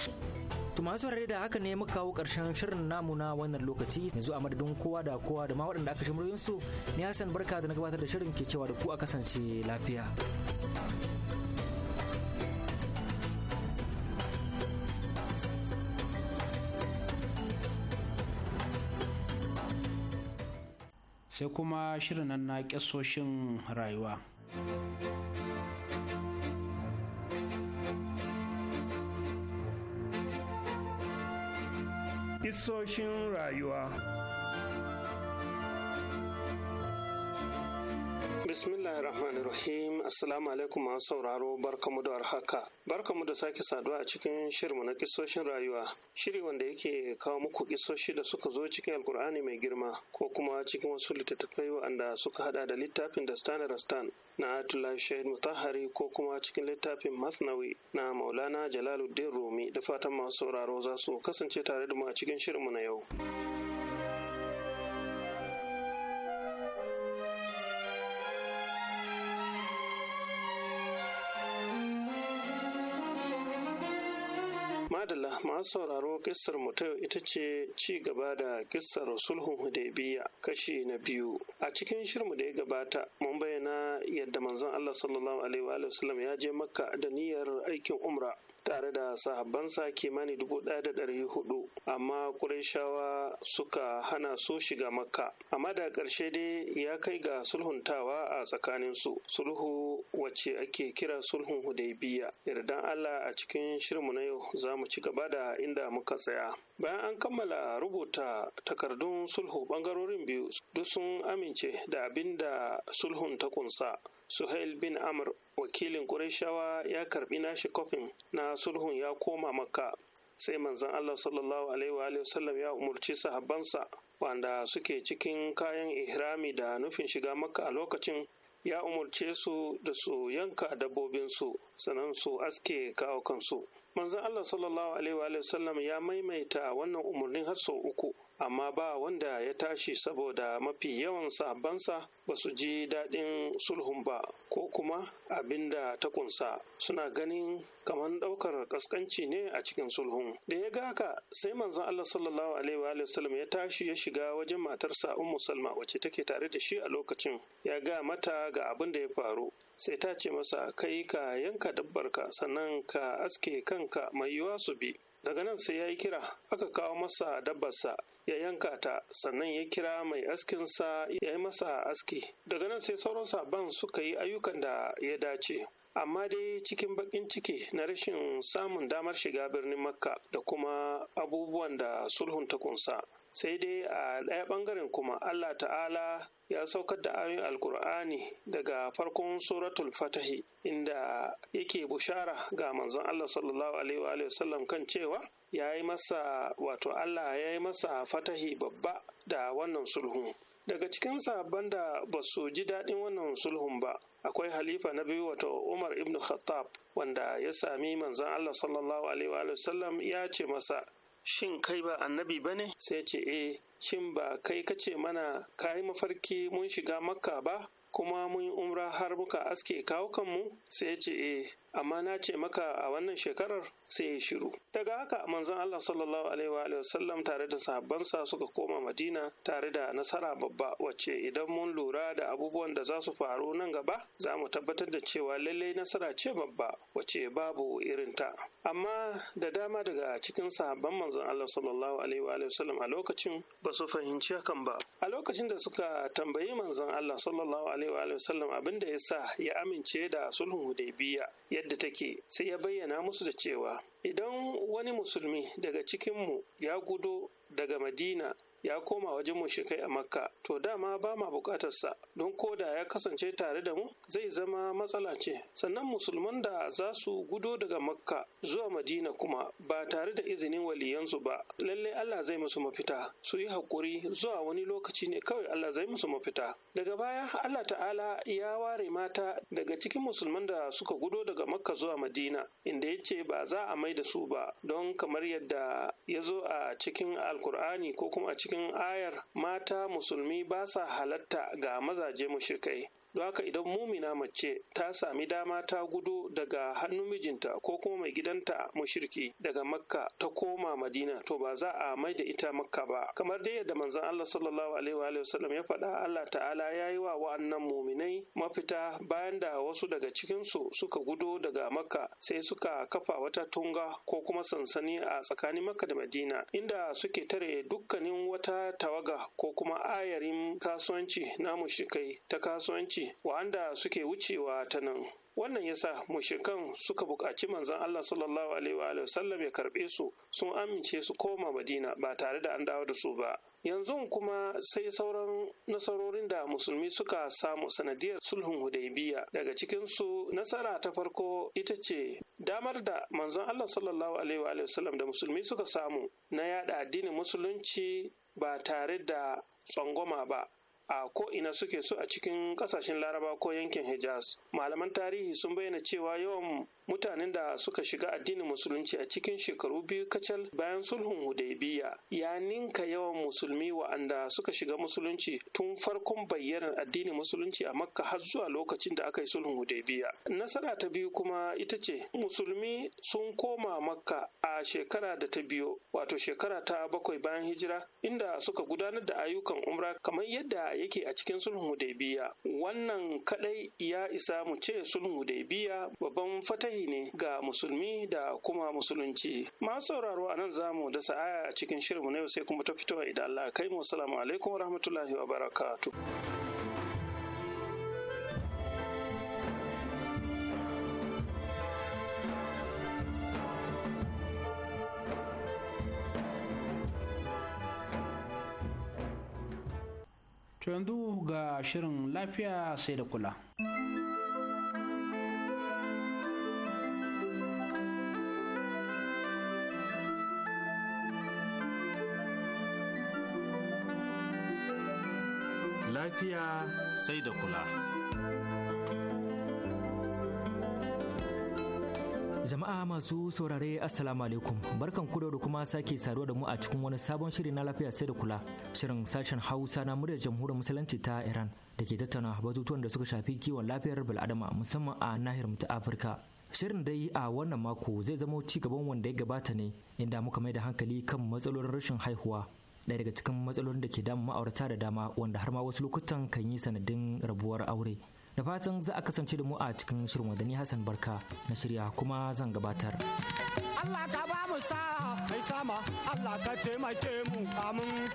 To masu rarrai da haka ne muka kawo karshen shirin namu na wannan lokaci yanzu a madadin kowa da kowa da ma waɗanda aka shi su ni Hassan barka da na gabatar da shirin ke cewa da ku a kasance lafiya. sai kuma shirin na kyasoshin rayuwa isoshin rayuwa Bismillahi Rahmanir Rahim. Assalamu alaikum masu sauraro barkamu da warhaka. Barkamu da sake saduwa a cikin shirmu na kisoshin rayuwa. Shiri wanda yake kawo muku kisoshi da suka zo cikin Alkur'ani mai girma ko kuma cikin wasu littattafai wanda suka hada da littafin da Stan Rastan na Atullah Shahid Mutahari ko kuma cikin littafin Masnawi na Maulana Jalaluddin Rumi da fatan masu sauraro za su kasance tare da mu a cikin shirmu na yau. madalla masu sauraro kissar mutum ita ce ci gaba da kissar sulhun hudaybiya kashi na biyu a cikin shirmu da ya gabata mun bayyana yadda manzon Allah sallallahu alaihi wa sallam ya je makka da niyyar aikin umra tare da sahabbansa mani dubu ɗaya da ɗari hudu amma ƙur'ashawa suka hana su shiga makka amma da ƙarshe dai ya kai ga sulhuntawa a tsakanin su sulhu wacce ake kira sulhun hudaybiya yardan allah a cikin shirmu na yau za mu ci gaba da inda muka tsaya bayan an kammala rubuta takardun sulhu ɓangarorin biyu duk sun amince da abinda sulhun ta kunsa suhail bin amr wakilin ƙurashawa ya karbi nashi kofin na sulhun ya koma makka sai manzon allah sallallahu alaihi wa sallam ya umarci sahabbansa wanda suke cikin kayan ihrami da nufin shiga makka a lokacin ya umarce su da su yanka dabbobinsu sannan su aske kawo kansu manzon allah sallallahu alaihi wa sallam ya maimaita wannan umarnin har sau uku amma ba wanda ya tashi saboda mafi yawan sabansa ba su ji daɗin sulhun ba ko kuma abin da ta kunsa suna ganin kamar ɗaukar ƙasƙanci ne a cikin sulhun da ya ga haka sai manzon Allah sallallahu alaihi wa sallam ya tashi ya shiga wajen matarsa Ummu Salma wacce take tare da shi a lokacin ya ga mata ga abin da ya faru sai ta ce masa kai ka yanka dabbarka sannan ka aske kanka mai yiwa su bi daga nan sai ya yi kira aka kawo masa dabbarsa ya yanka ta sannan ya kira mai askinsa ya yi masa aski daga nan sai sauran sabon suka yi ayyukan da ya dace amma dai cikin bakin ciki na rashin samun damar shiga birnin makka da kuma abubuwan da sulhun ta kunsa sai dai a ɗaya ɓangaren kuma allah ta'ala ya saukar da ayoyin alkur'ani daga farkon suratul fatahi inda yake bushara ga manzon allah sallallahu alaihi sallam kan cewa ya yi masa wato allah ya yi masa fatahi babba da wannan sulhun daga cikin sahabban da ba su ji daɗin wannan sulhun ba akwai halifa na biyu wato umar ibn khattab wanda ya sami manzon allah sallallahu alaihi sallam ya ce masa shin kai ba annabi ba ne sai ce e shin ba kai kace mana ka yi mafarki mun shiga makka ba kuma mun yi umra har muka aske kawo kanmu sai ce e amma na ce maka a wannan shekarar sai ya shiru daga haka manzon Allah sallallahu alaihi wa sallam tare da sahabbansa suka koma Madina tare da nasara babba wacce idan mun lura da abubuwan da za su faru nan gaba za mu tabbatar da cewa lalle nasara ce babba wacce babu irin ta? amma da dama daga cikin sahabban manzon Allah sallallahu alaihi wa sallam a lokacin ba su fahimci hakan ba a lokacin da suka tambayi manzon Allah sallallahu alaihi wa sallam abin da ya sa ya amince da sulhun Hudaybiya ya yadda take sai ya bayyana musu da cewa idan wani musulmi daga cikinmu ya gudo daga madina ya koma wajen mushrikai a makka to dama ba ma bukatarsa don koda ya kasance tare da mu zai zama matsala ce sannan musulman da za su gudo daga makka zuwa madina kuma ba tare da izinin waliyansu ba lallai allah zai musu mafita su yi hakuri zuwa wani lokaci ne kawai allah zai musu mafita daga baya allah ta'ala ya ware mata daga cikin musulman da suka gudo daga makka zuwa madina inda ya ce ba za a mai da su ba don kamar yadda ya zo a cikin alkur'ani ko kuma a cikin cikin ayar mata musulmi ba sa halatta ga mazaje mu mushrikai don haka idan mumina mace ta sami dama ta gudu daga hannun mijinta ko kuma mai gidanta mushriki daga makka ta koma madina to ba za a mai da ita makka ba kamar dai yadda manzon Allah sallallahu alaihi wa sallam ya faɗa Allah ta'ala ya yi wa wa'annan muminai mafita bayan da wasu daga cikinsu suka gudu daga makka sai suka kafa wata tunga ko kuma sansani a tsakanin makka da madina inda suke tare dukkanin wata tawaga ko kuma ayarin kasuwanci na mushrikai ta kasuwanci ce wa'anda suke wucewa ta nan wannan yasa mushrikan suka buƙaci manzon Allah sallallahu alaihi wa sallam ya karɓe su sun amince su koma Madina ba tare da an dawo da su ba yanzu kuma sai sauran nasarorin da musulmi suka samu sanadiyar sulhun Hudaibiya. daga cikin su nasara ta farko ita ce damar da manzon Allah sallallahu alaihi wa sallam da musulmi suka samu na yada addinin musulunci ba tare da tsangwama ba a ko ina suke so a cikin ƙasashen laraba ko yankin hijaz malaman tarihi sun bayyana cewa yawan mutanen da suka shiga addinin musulunci a cikin shekaru biyu kacal bayan sulhun hudaybiya ya ninka yawan musulmi wa'anda suka shiga musulunci tun farkon bayyanar addinin musulunci a makka har zuwa lokacin da aka yi sulhun hudaybiya nasara ta biyu kuma ita ce musulmi sun koma makka a shekara da ta biyo wato shekara ta bakwai bayan hijira inda suka gudanar da ayyukan umra kamar yadda yake a cikin sulhun hudaybiya wannan kadai ya isa mu ce sulhun hudaybiya babban fata alkhairi ne ga musulmi da kuma musulunci masu sauraro a nan zamu dasa aya a cikin shirinmu na yau sai kuma ta fitowa idan Allah kai mu assalamu alaikum warahmatullahi wabarakatuh To yanzu ga shirin lafiya sai da kula. lafiya sai da kula. Jama'a masu saurare Assalamu alaikum barkan ku da kuma sake saduwa da mu a cikin wani sabon shiri na lafiya sai da kula shirin sashen Hausa na muryar jamhuriyar musulunci ta Iran da ke tattauna batutuwan da suka shafi kiwon lafiyar bil'adama musamman a nahiyar mu ta Afirka. Shirin dai a wannan mako zai zama ci gaban wanda ya gabata ne inda muka mai da hankali kan matsalolin rashin haihuwa ɗaya daga cikin matsalolin da ke damun ma'aurata da dama wanda har ma wasu lokutan kan yi sanadin rabuwar aure da fatan za a kasance da mu a cikin shirin wadani hassan barka na shirya kuma zan gabatar Allah ka ba mu sa mai sama Allah ka taimake mu amin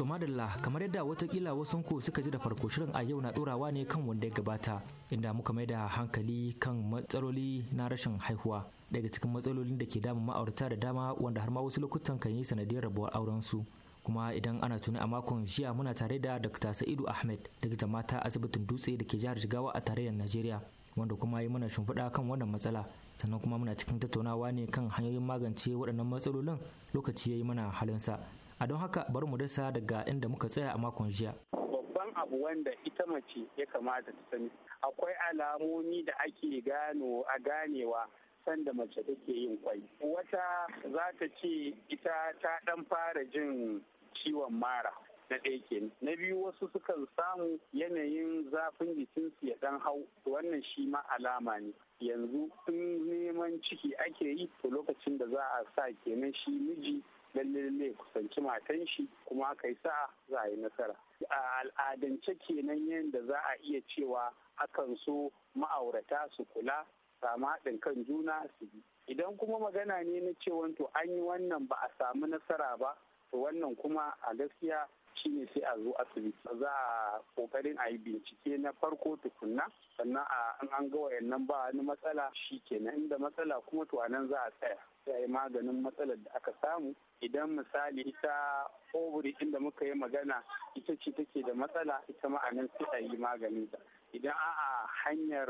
To madalla kamar yadda watakila wasu ko suka ji da farko shirin a yau na ɗorawa ne kan wanda ya gabata inda muka mai da hankali kan matsaloli na rashin haihuwa daga cikin matsalolin da ke damun ma'aurata da dama wanda har ma wasu lokutan kan yi sanadiyar rabuwar auren su. kuma idan ana tuni a makon jiya muna tare da Dr. Sa'idu Ahmed likita mata asibitin dutse da ke jihar Jigawa a tarayyar Najeriya wanda kuma yi mana shimfiɗa kan wannan matsala sannan kuma muna cikin tattaunawa ne kan hanyoyin magance waɗannan matsalolin lokaci ya yi mana halinsa a don haka bari mu dasa daga inda muka tsaya a makon jiya babban abu wanda ita mace ya kamata ta sani akwai alamomi da ake gano a ganewa sanda mace take yin kwai wata za ta ce ita ta dan fara jin ciwon mara na ɗaya kenan na biyu wasu sukan samu yanayin zafin jikinsu ya dan hau wannan shi ma alama ne yanzu in neman ciki ake yi to lokacin da za a sa kenan shi miji lalle lalle kusanci matan shi kuma aka yi sa'a za a yi nasara a al'adance kenan yadda za a iya cewa akan so ma'aurata su kula samu haɗin kan juna su bi idan kuma magana ne na cewa to an yi wannan ba a samu nasara ba to wannan kuma a gaskiya shine sai a zo asibiti za a kokarin a yi bincike na farko tukunna sannan a an ga wayannan ba wani matsala shi kenan inda matsala kuma to a nan za a tsaya ya yi maganin matsalar da aka samu idan misali ita ovary inda muka yi magana ita ce take da matsala ita ma'anin sai a yi maganin ta idan a hanyar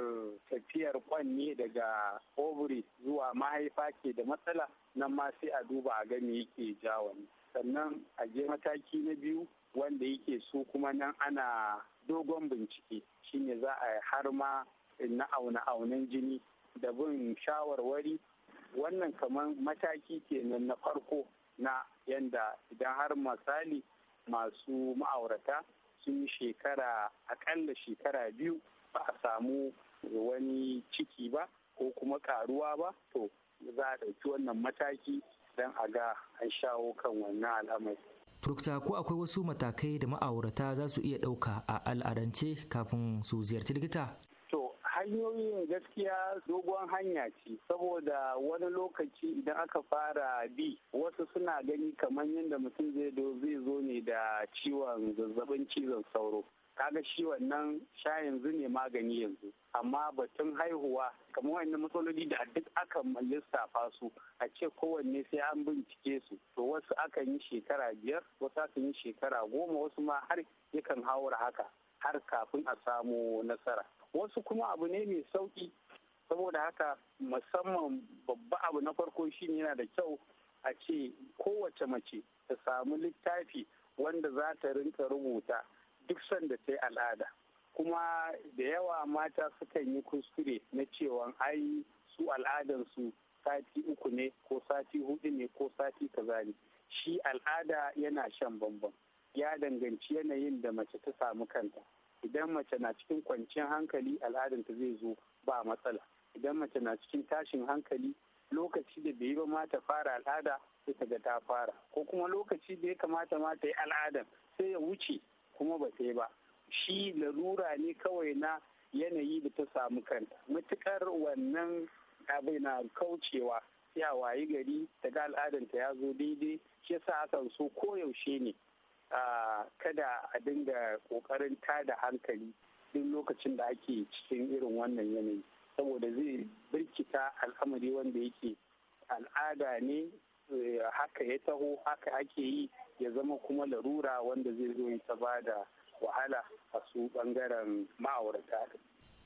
tafiyar kwanne daga ovary zuwa mahaifa ke da matsala nan ma sai a duba a gani yake jawo sannan a je mataki na biyu wanda yake su kuma nan ana dogon bincike shine za a har ma na auna aunan jini da bin shawarwari wannan kamar mataki kenan na farko na yanda idan har misali masu ma'aurata sun yi shekara akalla shekara biyu ba a samu wani ciki ba ko kuma karuwa ba to za a ɗauki wannan mataki don a ga an shawo kan wannan al'amari. Turkta ko akwai wasu matakai da ma'aurata za su iya ɗauka a al'adance kafin su ziyarci likita? hanyoyin gaskiya dogon hanya ce saboda wani lokaci idan aka fara bi wasu suna gani kamar yadda mutum zai zo ne da ciwon zazzabin cizon sauro kaga shi wannan sha yanzu ne magani yanzu amma batun haihuwa kamar wani matsaloli da duk aka lissafa su a ce kowanne sai an bincike su to wasu akan yi shekara biyar wasu akan yi shekara goma wasu ma har yakan haura haka har kafin a samu nasara wasu kuma abu ne mai sauki saboda haka musamman babba abu na farko shine yana da kyau a ce kowace mace ta samu littafi wanda za ta rinka rubuta duk sanda ta yi al'ada kuma da yawa mata sukan yi kuskure na cewa ai su al'adansu sati uku ne ko sati hudu ne ko sati kaza ne shi al'ada yana shan bambam ya danganci yanayin da mace ta samu kanta idan mace na cikin kwanciyar hankali al'adanta zai zo ba matsala idan mace na cikin tashin hankali lokaci da bai yi ba ma ta fara al'ada sai ta ga ta fara ko kuma lokaci da ya kamata ma ta yi al'adan sai ya wuce kuma ba ta ba shi larura ne kawai na yanayi da ta samu kanta matukar wannan abin na kaucewa sai a wayi gari ta ga al'adanta ya zo daidai shi yasa akan so koyaushe ne kada a dinga kokarin tada hankali duk lokacin da ake cikin irin wannan yanayi saboda zai birkita al'amari wanda yake al'ada ne eh, haka ya taho haka ake yi ya zama kuma larura wanda zai zo ta ba da wahala a su bangaren ma'aurata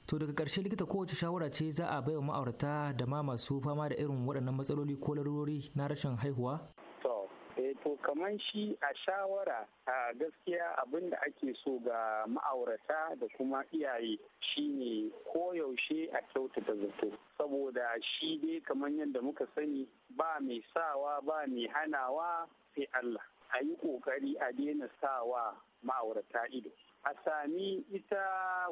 to daga ƙarshe likita kowace shawara ce za a baiwa ma'aurata da ma masu fama da irin waɗannan matsaloli ko larurori na rashin haihuwa eh to kaman shi a shawara a gaskiya abin da ake so ga ma'aurata da kuma iyaye shine koyaushe a kyautata zato saboda shi dai kaman yadda muka sani ba mai sawa ba mai hanawa sai Allah a yi ƙoƙari a daina sawa ma'aurata ido a sami ita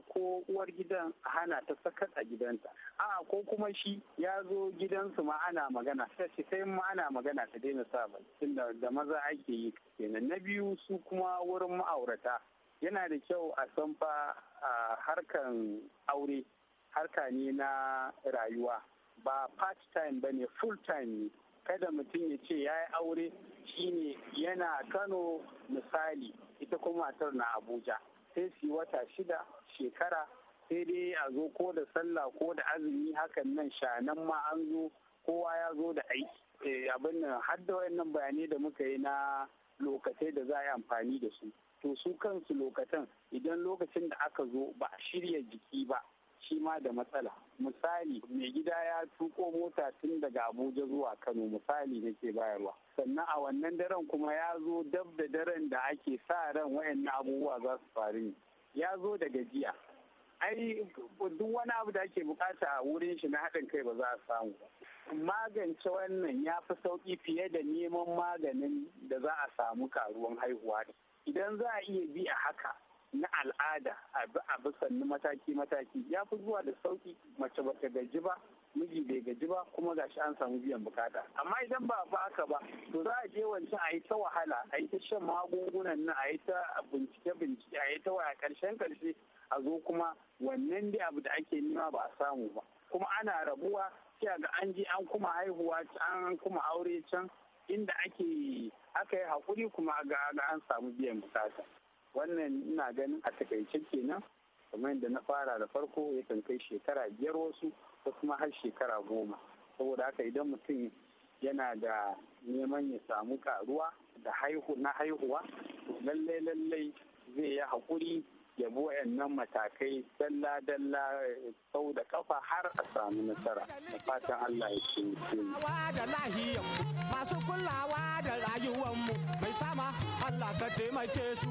ko uwar gidan a hana ta sakat a gidanta a ko kuma shi ya zo gidansu ma ana magana ta ce sai ma ana magana ta daina sa ba tunda da maza ake yi kenan na biyu su kuma wurin ma'aurata yana da kyau a san fa a harkan aure harka ne na rayuwa ba part time ba ne full time ne kada mutum ya ce ya yi aure shine yana kano misali ita kuma matar na abuja sai su wata shida shekara sai dai a zo ko da sallah ko da azumi hakan nan shanan ma an zo kowa ya zo da aiki eh, abin nan har da wayannan bayanai da muka yi na lokacin da za a yi amfani da su to su kansu lokacin idan lokacin da aka zo ba a shirya jiki ba shi ma da matsala misali mai gida ya tuko mota tun daga abuja zuwa kano misali nake bayarwa sannan a wannan daren kuma ya zo dab da daren da ake sa ran wayannan abubuwa za su faru ya zo daga jiya ai duk wani abu da ake bukata a wurin shi na haɗin kai ba za a samu ba magance wannan ya fi sauƙi fiye da neman maganin da za a samu karuwan haihuwa idan za a iya bi a haka na al'ada a bisa mataki-mataki ya fi zuwa da sauki mace bata gaji ba miji bai gaji ba kuma ga shi an samu biyan bukata amma idan ba ba aka ba to za a je wancan a yi ta wahala a yi ta shan magungunan nan a yi ta bincike bincike a yi ta waya karshen karshe a zo kuma wannan dai abu da ake nema ba a samu ba kuma ana rabuwa sai ga an je an kuma haihuwa an kuma aure can inda ake aka yi haƙuri kuma ga an samu biyan bukata wannan ina ganin a takaice kenan kamar yadda na fara da farko yakan kai shekara biyar wasu ko kuma har shekara goma saboda haka idan mutum yana da neman ya samu karuwa da haihu na haihuwa lallai lallai zai yi haƙuri yabi wayannan matakai dalla dalla eh, sau da kafa har a samu nasara da fatan Allah ya ce masu kulawa da rayuwanmu mai sama Allah ka taimake su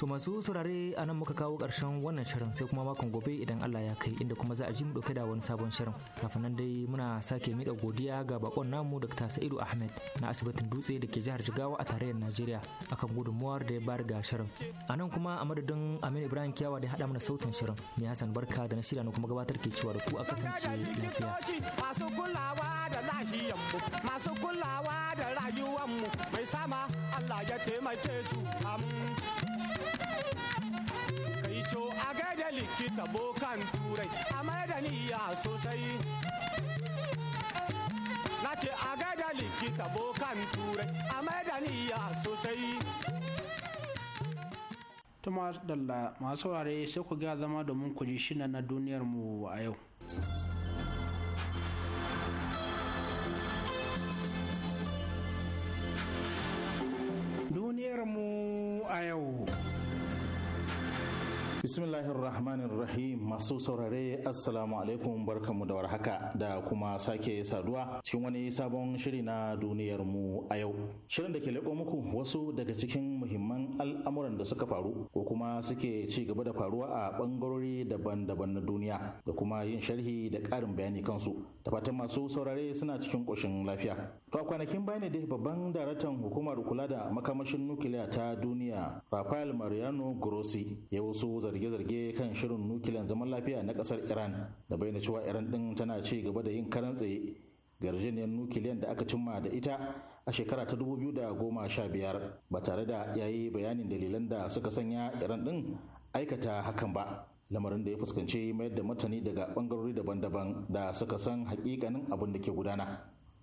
to masu saurare a nan muka kawo ƙarshen wannan shirin sai kuma makon gobe idan Allah ya kai inda kuma za a ji mu dauke da wani sabon shirin kafin nan dai muna sake miƙa godiya ga bakon namu Dr. Sa'idu Ahmed na asibitin dutse da ke jihar Jigawa a tarayyar Najeriya akan gudunmuwar da ya bayar ga shirin a nan kuma a madadin madadin Aminu Ibrahim Kiyawa da haɗa mana sautin shirin. Ni Hassan Barka da na shirya na kuma gabatar ke cewa da ku a kasance lafiya. Masu kulawa da lahiyanmu, masu kulawa da rayuwanmu, mai sama Allah ya taimake su Kai co a gaida likita bokan turai, a mai da niyya sosai. Na ce a gaida likita bokan turai, a mai da niyya sosai. ta dalla masu saurare sai ku ga zama domin ku ji shina na duniyar mu a yau duniyar mu a yau Bismillahirrahmanirrahim masu saurare assalamu alaikum barkamu da warhaka da kuma sake saduwa cikin wani sabon shiri na duniyar mu a yau. Shirin da ke leƙo muku wasu daga cikin muhimman al'amuran da suka faru ko kuma suke ci gaba da faruwa a bangarori daban-daban na duniya da kuma yin sharhi da ƙarin bayani kansu. Da fatan masu saurare suna cikin ƙoshin lafiya. To a kwanakin baya ne dai babban daraktan hukumar kula da makamashin nukiliya ta duniya Rafael Mariano Grossi ya wasu zarge-zarge kan shirin nukiliyan zaman lafiya na kasar iran da bayyana cewa iran din tana ci gaba da yin karan tsaye yarjejeniyar nukiliyar da aka cimma da ita a shekara ta 2015 ba tare da yayi bayanin dalilan da suka sanya iran din aikata hakan ba lamarin da ya fuskanci mayar da martani daga bangarori daban-daban da suka san hakikanin abin da ke gudana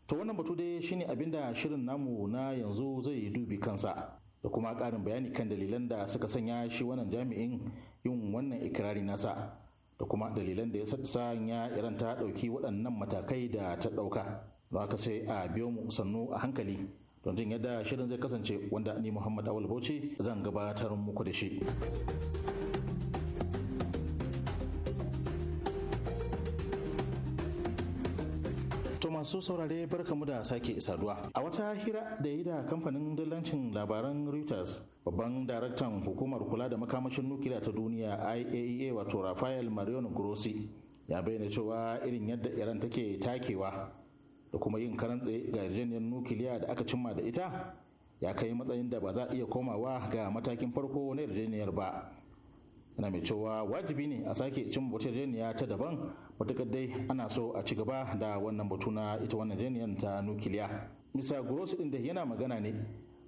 to wannan batu dai shine abin da shirin namu na yanzu zai dubi kansa da kuma ƙarin bayani kan dalilan da suka sanya shi wannan jami'in yin wannan ikirari nasa da kuma dalilan da ya sanya iran ta ɗauki waɗannan matakai da ta ɗauka don haka sai a biyo mu sannu a hankali don jin yadda shirin zai kasance wanda ni muhammad awal bauchi zan gabatar muku da shi masu saurare barkamu da sake saduwa. A wata hira da yi da kamfanin dillancin labaran Reuters, babban daraktan hukumar kula da makamashin nukiliya ta duniya IAEA e wato Rafael Mariano Grossi ya bayyana cewa irin yadda Iran take takewa da kuma yin karan tsaye ga yarjejeniyar nukiliya da aka cimma da ita ya kai matsayin da ba za a iya komawa ga matakin farko na yarjejeniyar ba. yana mai cewa wajibi ne a sake cin wata ta daban matakar dai ana so a ci gaba da wannan batu na ita wannan jeniyar ta nukiliya misa gross din da yana magana ne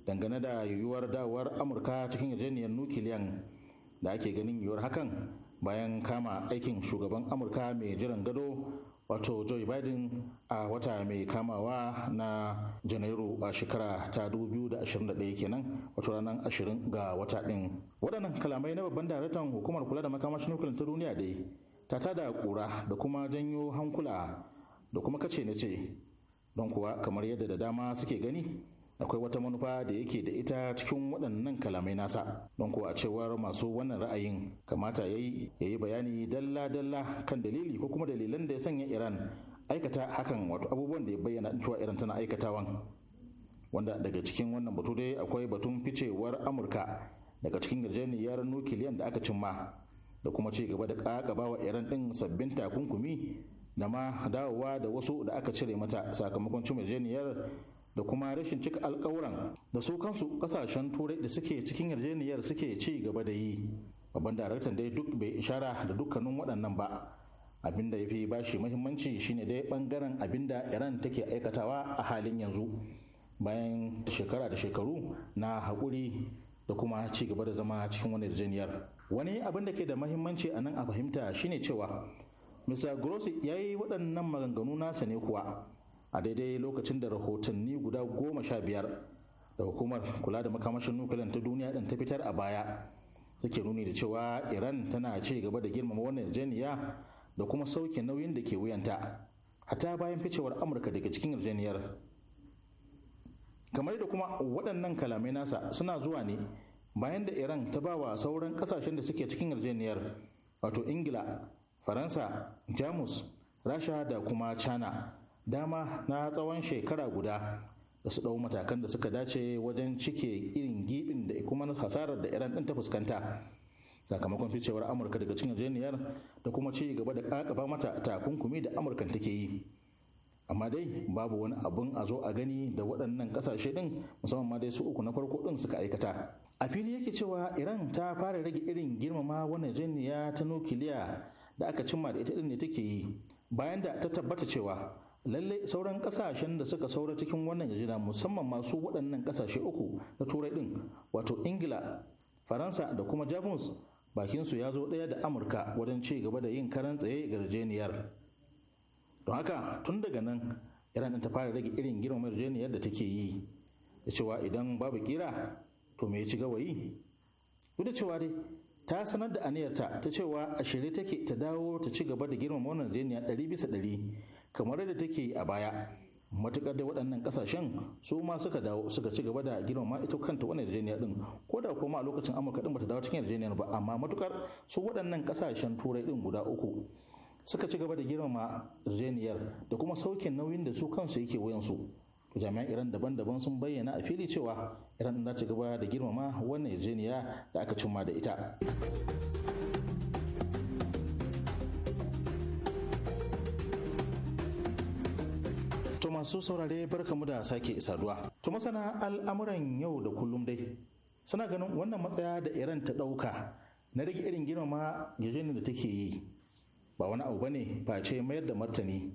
dangane da yiwuwar dawowar amurka cikin yarjejeniyar nukiliyan da ake ganin yiwuwar hakan bayan kama aikin shugaban amurka mai jiran gado wato joe biden a wata mai kamawa na janairu a shekara ta 2021 kenan wato ranar ashirin ga wata din. waɗannan kalamai na babban daraktan hukumar kula da makamashin nukilin ta duniya dai ta tada kura da kuma janyo hankula da kuma kace na ce don kuwa kamar yadda da dama suke gani akwai wata manufa da yake da ita cikin waɗannan kalamai nasa don kuwa a cewar masu wannan ra'ayin kamata ya yi ya yi bayani dalla-dalla kan dalili ko kuma dalilan da ya sanya iran aikata hakan wato abubuwan da ya bayyana cewa iran tana aikatawan wanda daga cikin wannan batu dai akwai batun ficewar amurka daga cikin yarjejeniyar nukiliyan da aka cimma da kuma ci gaba da kakaba wa iran din sabbin takunkumi da ma dawowa da wasu da aka cire mata sakamakon cin yarjejeniyar da kuma rashin cika alkawuran da su kansu kasashen turai da suke cikin yarjejeniyar suke ci gaba da yi babban daraktan dai duk bai ishara da dukkanin waɗannan ba abin da ya fi bashi muhimmanci shine dai bangaren abin da iran take aikatawa a halin yanzu bayan shekara da shekaru na haƙuri da kuma ci gaba da zama cikin wani yarjejeniyar wani abin da ke da mahimmanci a nan a fahimta shine cewa mr grossi ya yi waɗannan maganganu nasa ne kuwa a daidai lokacin da rahotanni guda goma sha biyar da hukumar kula da makamashin nukiliyar ta duniya ɗin ta fitar a baya suke nuni da cewa iran tana ci gaba da girmama wannan yarjejeniya da kuma sauke nauyin da ke wuyanta hatta bayan ficewar amurka daga cikin yarjejeniyar kamar da kuma waɗannan kalamai nasa suna zuwa ne bayan da iran ta ba wa sauran ƙasashen da suke cikin yarjejeniyar wato ingila faransa jamus rasha da kuma china dama na tsawon shekara guda da su ɗau matakan da suka dace wajen cike irin gibin da kuma hasarar da iran din ta fuskanta sakamakon ficewar amurka daga cin yarjejeniyar da kuma ci gaba da kakaba mata takunkumi da amurka take yi amma dai babu wani abun a zo a gani da waɗannan ƙasashe din musamman ma dai su uku na farko ɗin suka aikata a fili yake cewa iran ta fara rage irin girmama wannan jiniya ta nukiliya da aka cimma da ita ɗin ne take yi bayan da ta tabbata cewa lallai sauran kasashen da suka saura cikin wannan yarjejeniya musamman masu waɗannan kasashe uku na turai ɗin wato ingila faransa da kuma jamus bakinsu ya zo ɗaya da amurka wajen ci gaba da yin karan tsaye yarjejeniyar don haka tun daga nan iran ta fara rage irin girmama yarjejeniyar da take yi da cewa idan babu kira to me ya ci gawayi duk da cewa dai ta sanar da aniyarta ta cewa a shirye take ta dawo ta ci gaba da girmama wannan yarjejeniya ɗari bisa ɗari kamar yadda take a baya matukar da waɗannan ƙasashen su ma suka dawo suka ci gaba da girmama ita kanta wannan yarjejeniya din ko da kuma a lokacin amurka din bata dawo cikin yarjejeniyar ba amma matukar su waɗannan ƙasashen turai din guda uku suka ci gaba da girmama yarjejeniyar da kuma saukin nauyin da su kansu yake su jami'an iran daban-daban sun bayyana a fili cewa iran ta ci gaba da girmama wannan yarjejeniya da aka cimma da ita masu saurare barkamu da sake saduwa. To masana al'amuran yau da kullum dai suna ganin wannan matsaya da Iran ta ɗauka na rage irin girmama yarjejeniyar da take yi ba wani abu bane ce mayar da martani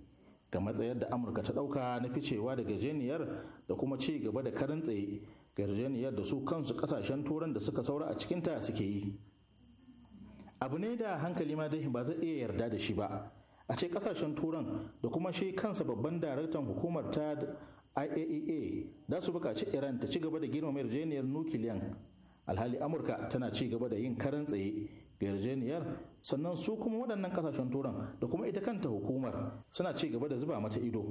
ga matsayar da Amurka ta ɗauka na ficewa da gajeniyar da kuma ci gaba da karin tsaye ga da su kansu kasashen turan da suka saura a cikinta suke yi. Abu ne da hankali ma dai ba zai iya yarda da shi ba. a ce kasashen turan da kuma shi kansa babban daraktan hukumar ta iaea e za su bukaci iran ta ci gaba da girmama yarjeniyar nukiliyan alhali amurka tana ci gaba da yin karan tsaye ga yarjeniyar sannan su kuma waɗannan kasashen turan da kuma ita kanta hukumar suna ci gaba da zuba mata ido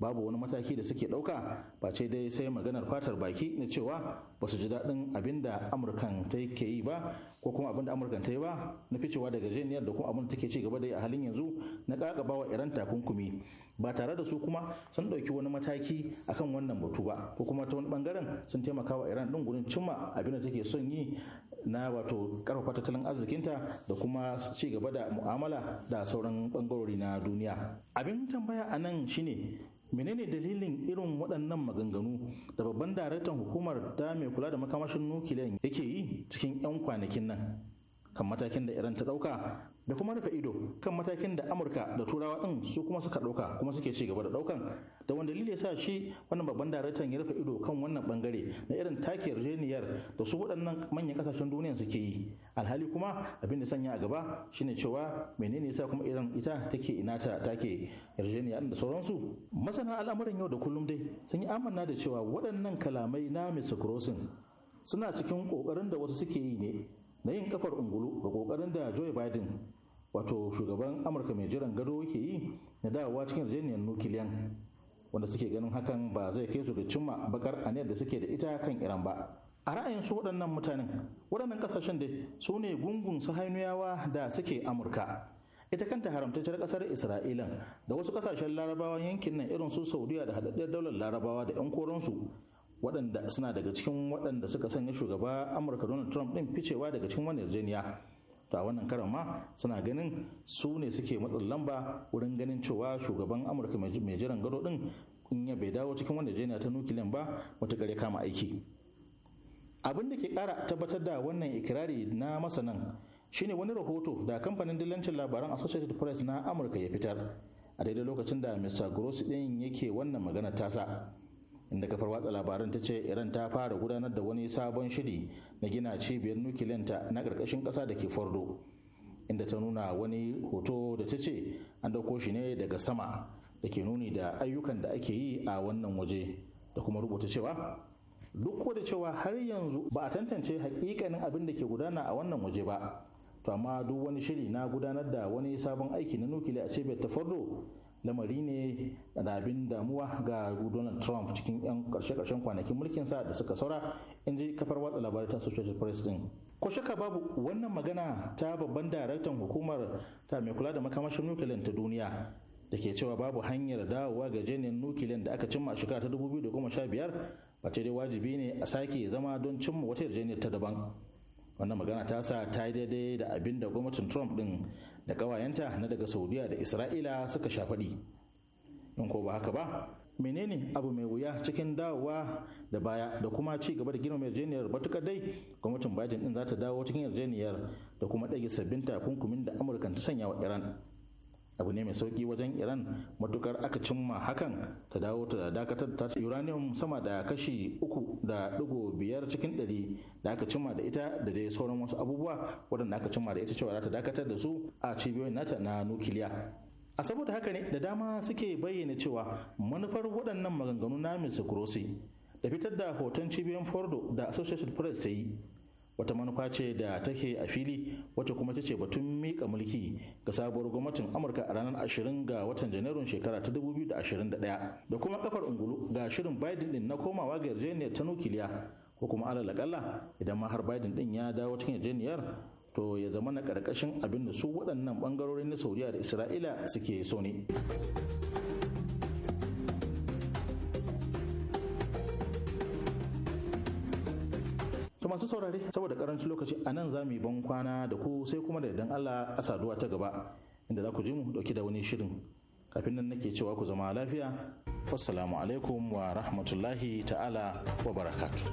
babu wani mataki da suke ɗauka ce dai sai maganar fatar baki na cewa ba su ji daɗin abin da amurkan ta ke yi ba ko kuma abin da amurkan ta yi ba na ficewa daga jeniyar da kuma abin da take ci da yi a halin yanzu na ƙaƙaba wa iran takunkumi ba tare da su kuma sun ɗauki wani mataki akan wannan batu ba ko kuma ta wani ɓangaren sun taimaka wa iran ɗin gurin cimma abin da take son yi na wato ƙarfafa tattalin arzikinta da kuma cigaba da mu'amala da sauran ɓangarori na duniya abin tambaya a nan shine menene dalilin irin waɗannan maganganu da babban daraktan hukumar ta mai kula da makamashin nukiliyan yake yi cikin 'yan kwanakin nan kan matakin da iran ta ɗauka da kuma rufe ido kan matakin da amurka da turawa din su kuma suka dauka kuma suke ci gaba da daukan da wanda lili ya sa shi wannan babban daraktan ya rufe ido kan wannan bangare na irin take yarjejeniyar da su waɗannan manyan kasashen duniya suke yi alhali kuma abin da sanya a gaba shine cewa menene yasa kuma irin ita take ina ta take yarjejeniya da sauransu masana al'amuran yau da kullum dai sun yi amanna da cewa waɗannan kalamai na Mr. Crossing suna cikin ƙoƙarin da wasu suke yi ne na yin kafar ungulu ga ƙoƙarin da Joe Biden wato shugaban amurka mai jiran gado ke yi na dawowa cikin yarjejeniyar nukiliyan wanda suke ganin hakan ba zai kai su ga cimma bakar aniyar da suke da ita kan iran ba a ra'ayin su waɗannan mutanen waɗannan ƙasashen da su ne gungun hainuyawa da suke amurka ita kanta haramtacciyar ƙasar isra'ila da wasu ƙasashen larabawa yankin nan irin su saudiya da haɗaɗɗiyar daular larabawa da yan koransu waɗanda suna daga cikin waɗanda suka sanya shugaba amurka donald trump ɗin ficewa daga cikin wani yarjejeniya to a wannan karan ma suna ganin su ne suke matsin lamba wurin ganin cewa shugaban amurka mai jiran gado din in ya bai dawo cikin wanda jena ta nukiliyan ba wata gare kama aiki abin da ke kara tabbatar da wannan ikirari na masanan shine wani rahoto da kamfanin dillancin labaran associated press na amurka ya fitar a daidai lokacin da mr grossi din yake wannan magana tasa inda kafar watsa labaran ta ce iran ta fara gudanar da wani sabon shiri na gina cibiyar nukiliyanta na karkashin ƙasa da ke fardo inda ta nuna wani hoto da ta ce an dauko shi ne daga sama da ke nuni da ayyukan da ake yi a wannan waje da kuma rubuta cewa duk da cewa har yanzu ba a tantance hakikanin abin da ke gudana a wannan waje ba to amma duk wani shiri na gudanar da wani sabon aiki na nukiliya a cibiyar ta fardo lamari ne da abin damuwa ga donald trump cikin 'yan karshe-karshen kwanakin mulkinsa da suka saura in ji kafar watsa labarai ta associated press din ko shaka babu wannan magana ta babban daraktan hukumar ta mai kula da makamashin nukiliyan ta duniya da ke cewa babu hanyar dawowa ga jenin nukiliyan da aka cimma a shekara ta 2015 ba ce dai wajibi ne a sake zama don cimma wata yarjejeniyar ta daban wannan magana ta sa ta yi daidai da abin da gwamnatin trump din da ƙawayenta na daga saudiya da isra'ila suka sha faɗi in ko ba haka ba menene abu mai wuya cikin dawowa da baya da kuma ci gaba da girma yarjeniyar matuƙar dai gwamnatin biden din za ta dawo cikin yarjeniyar da kuma ɗage sabbin takunkumin da amurka ta sanya wa iran abu ne mai sauki wajen iran matukar aka cimma hakan ta dawo ta dakatar ta uranium sama da kashi uku da cikin ɗari da aka cimma da ita da dai sauran wasu abubuwa waɗanda aka cimma da ita cewa za ta dakatar da su a cibiyoyin nata na nukiliya a saboda haka ne da dama suke bayyana cewa manufar waɗannan maganganu na Mr. Grossi da fitar da hoton cibiyoyin Fordo da Associated Press ta yi wata manufa ce da take a fili wata kuma ta ce batun mika mulki ga sabuwar gwamnatin amurka a ranar 20 ga watan janairun shekara ta 2021 da kuma kafar ungulu ga shirin biden din na komawa ga yarjejeniyar ta nukiliya ko kuma alal akalla idan ma har biden din ya dawo cikin yarjejeniyar to ya zama na karkashin abin da su waɗannan bangarorin na saudiya da isra'ila suke so ne masu saurare saboda karancin lokaci a nan za mu yi ban kwana da ku sai kuma da idan Allah a saduwa ta gaba inda za ku ji mu dauki da wani shirin kafin nan nake cewa ku zama lafiya wassalamu alaikum wa rahmatullahi ta'ala wa barakatuh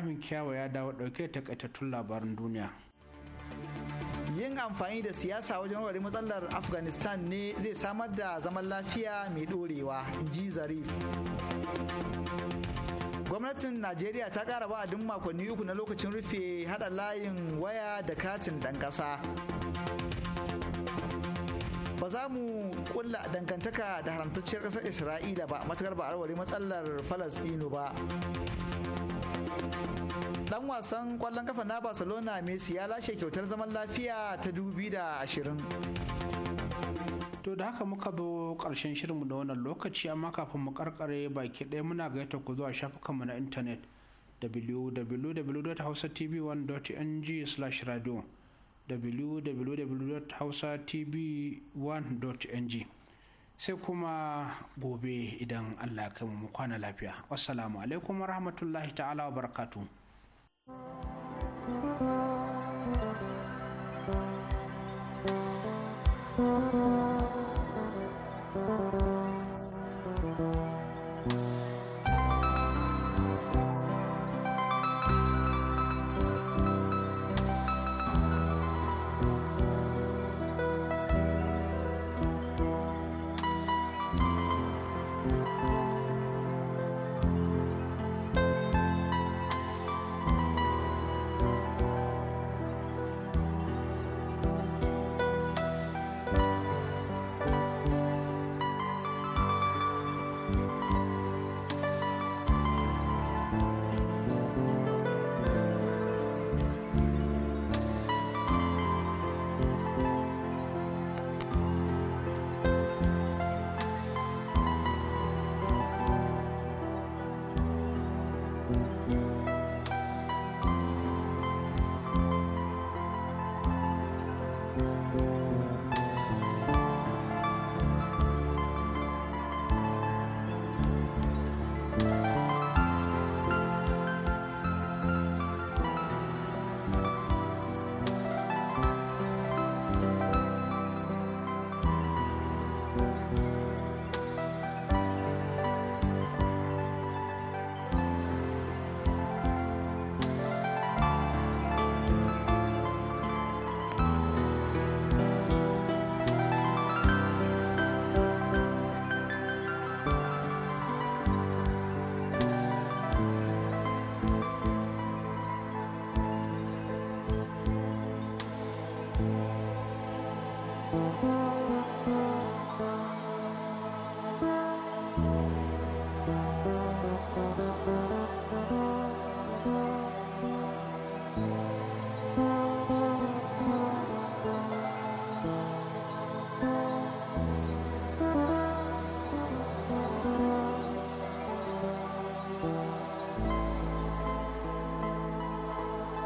ibrahim Kiyawa ya dawo ɗauke takaitattun labaran duniya yin amfani da siyasa wajen warware matsalar afghanistan ne zai samar da zaman lafiya mai ɗorewa Inji zarif gwamnatin najeriya ta ƙara kara duk makonni uku na lokacin rufe haɗa layin waya da katin ɗan ƙasa ba za mu kulla dangantaka da haramtacciyar ƙasar isra'ila ba matakar ba a matsalar falastinu ba dan wasan kwallon kafa na barcelona messi ya lashe kyautar zaman lafiya ta ashirin. to da haka muka zo karshen shirinmu da wannan lokaci amma kafin mu karkare baki ɗaya muna gaita ku zuwa shafukanmu na intanet www.hausatv1.ng/radio www.hausatv1.ng sai kuma gobe idan allah kai mu kwana lafiya wassalamu alaikum rahmatullahi ta'ala wa barakatu thank you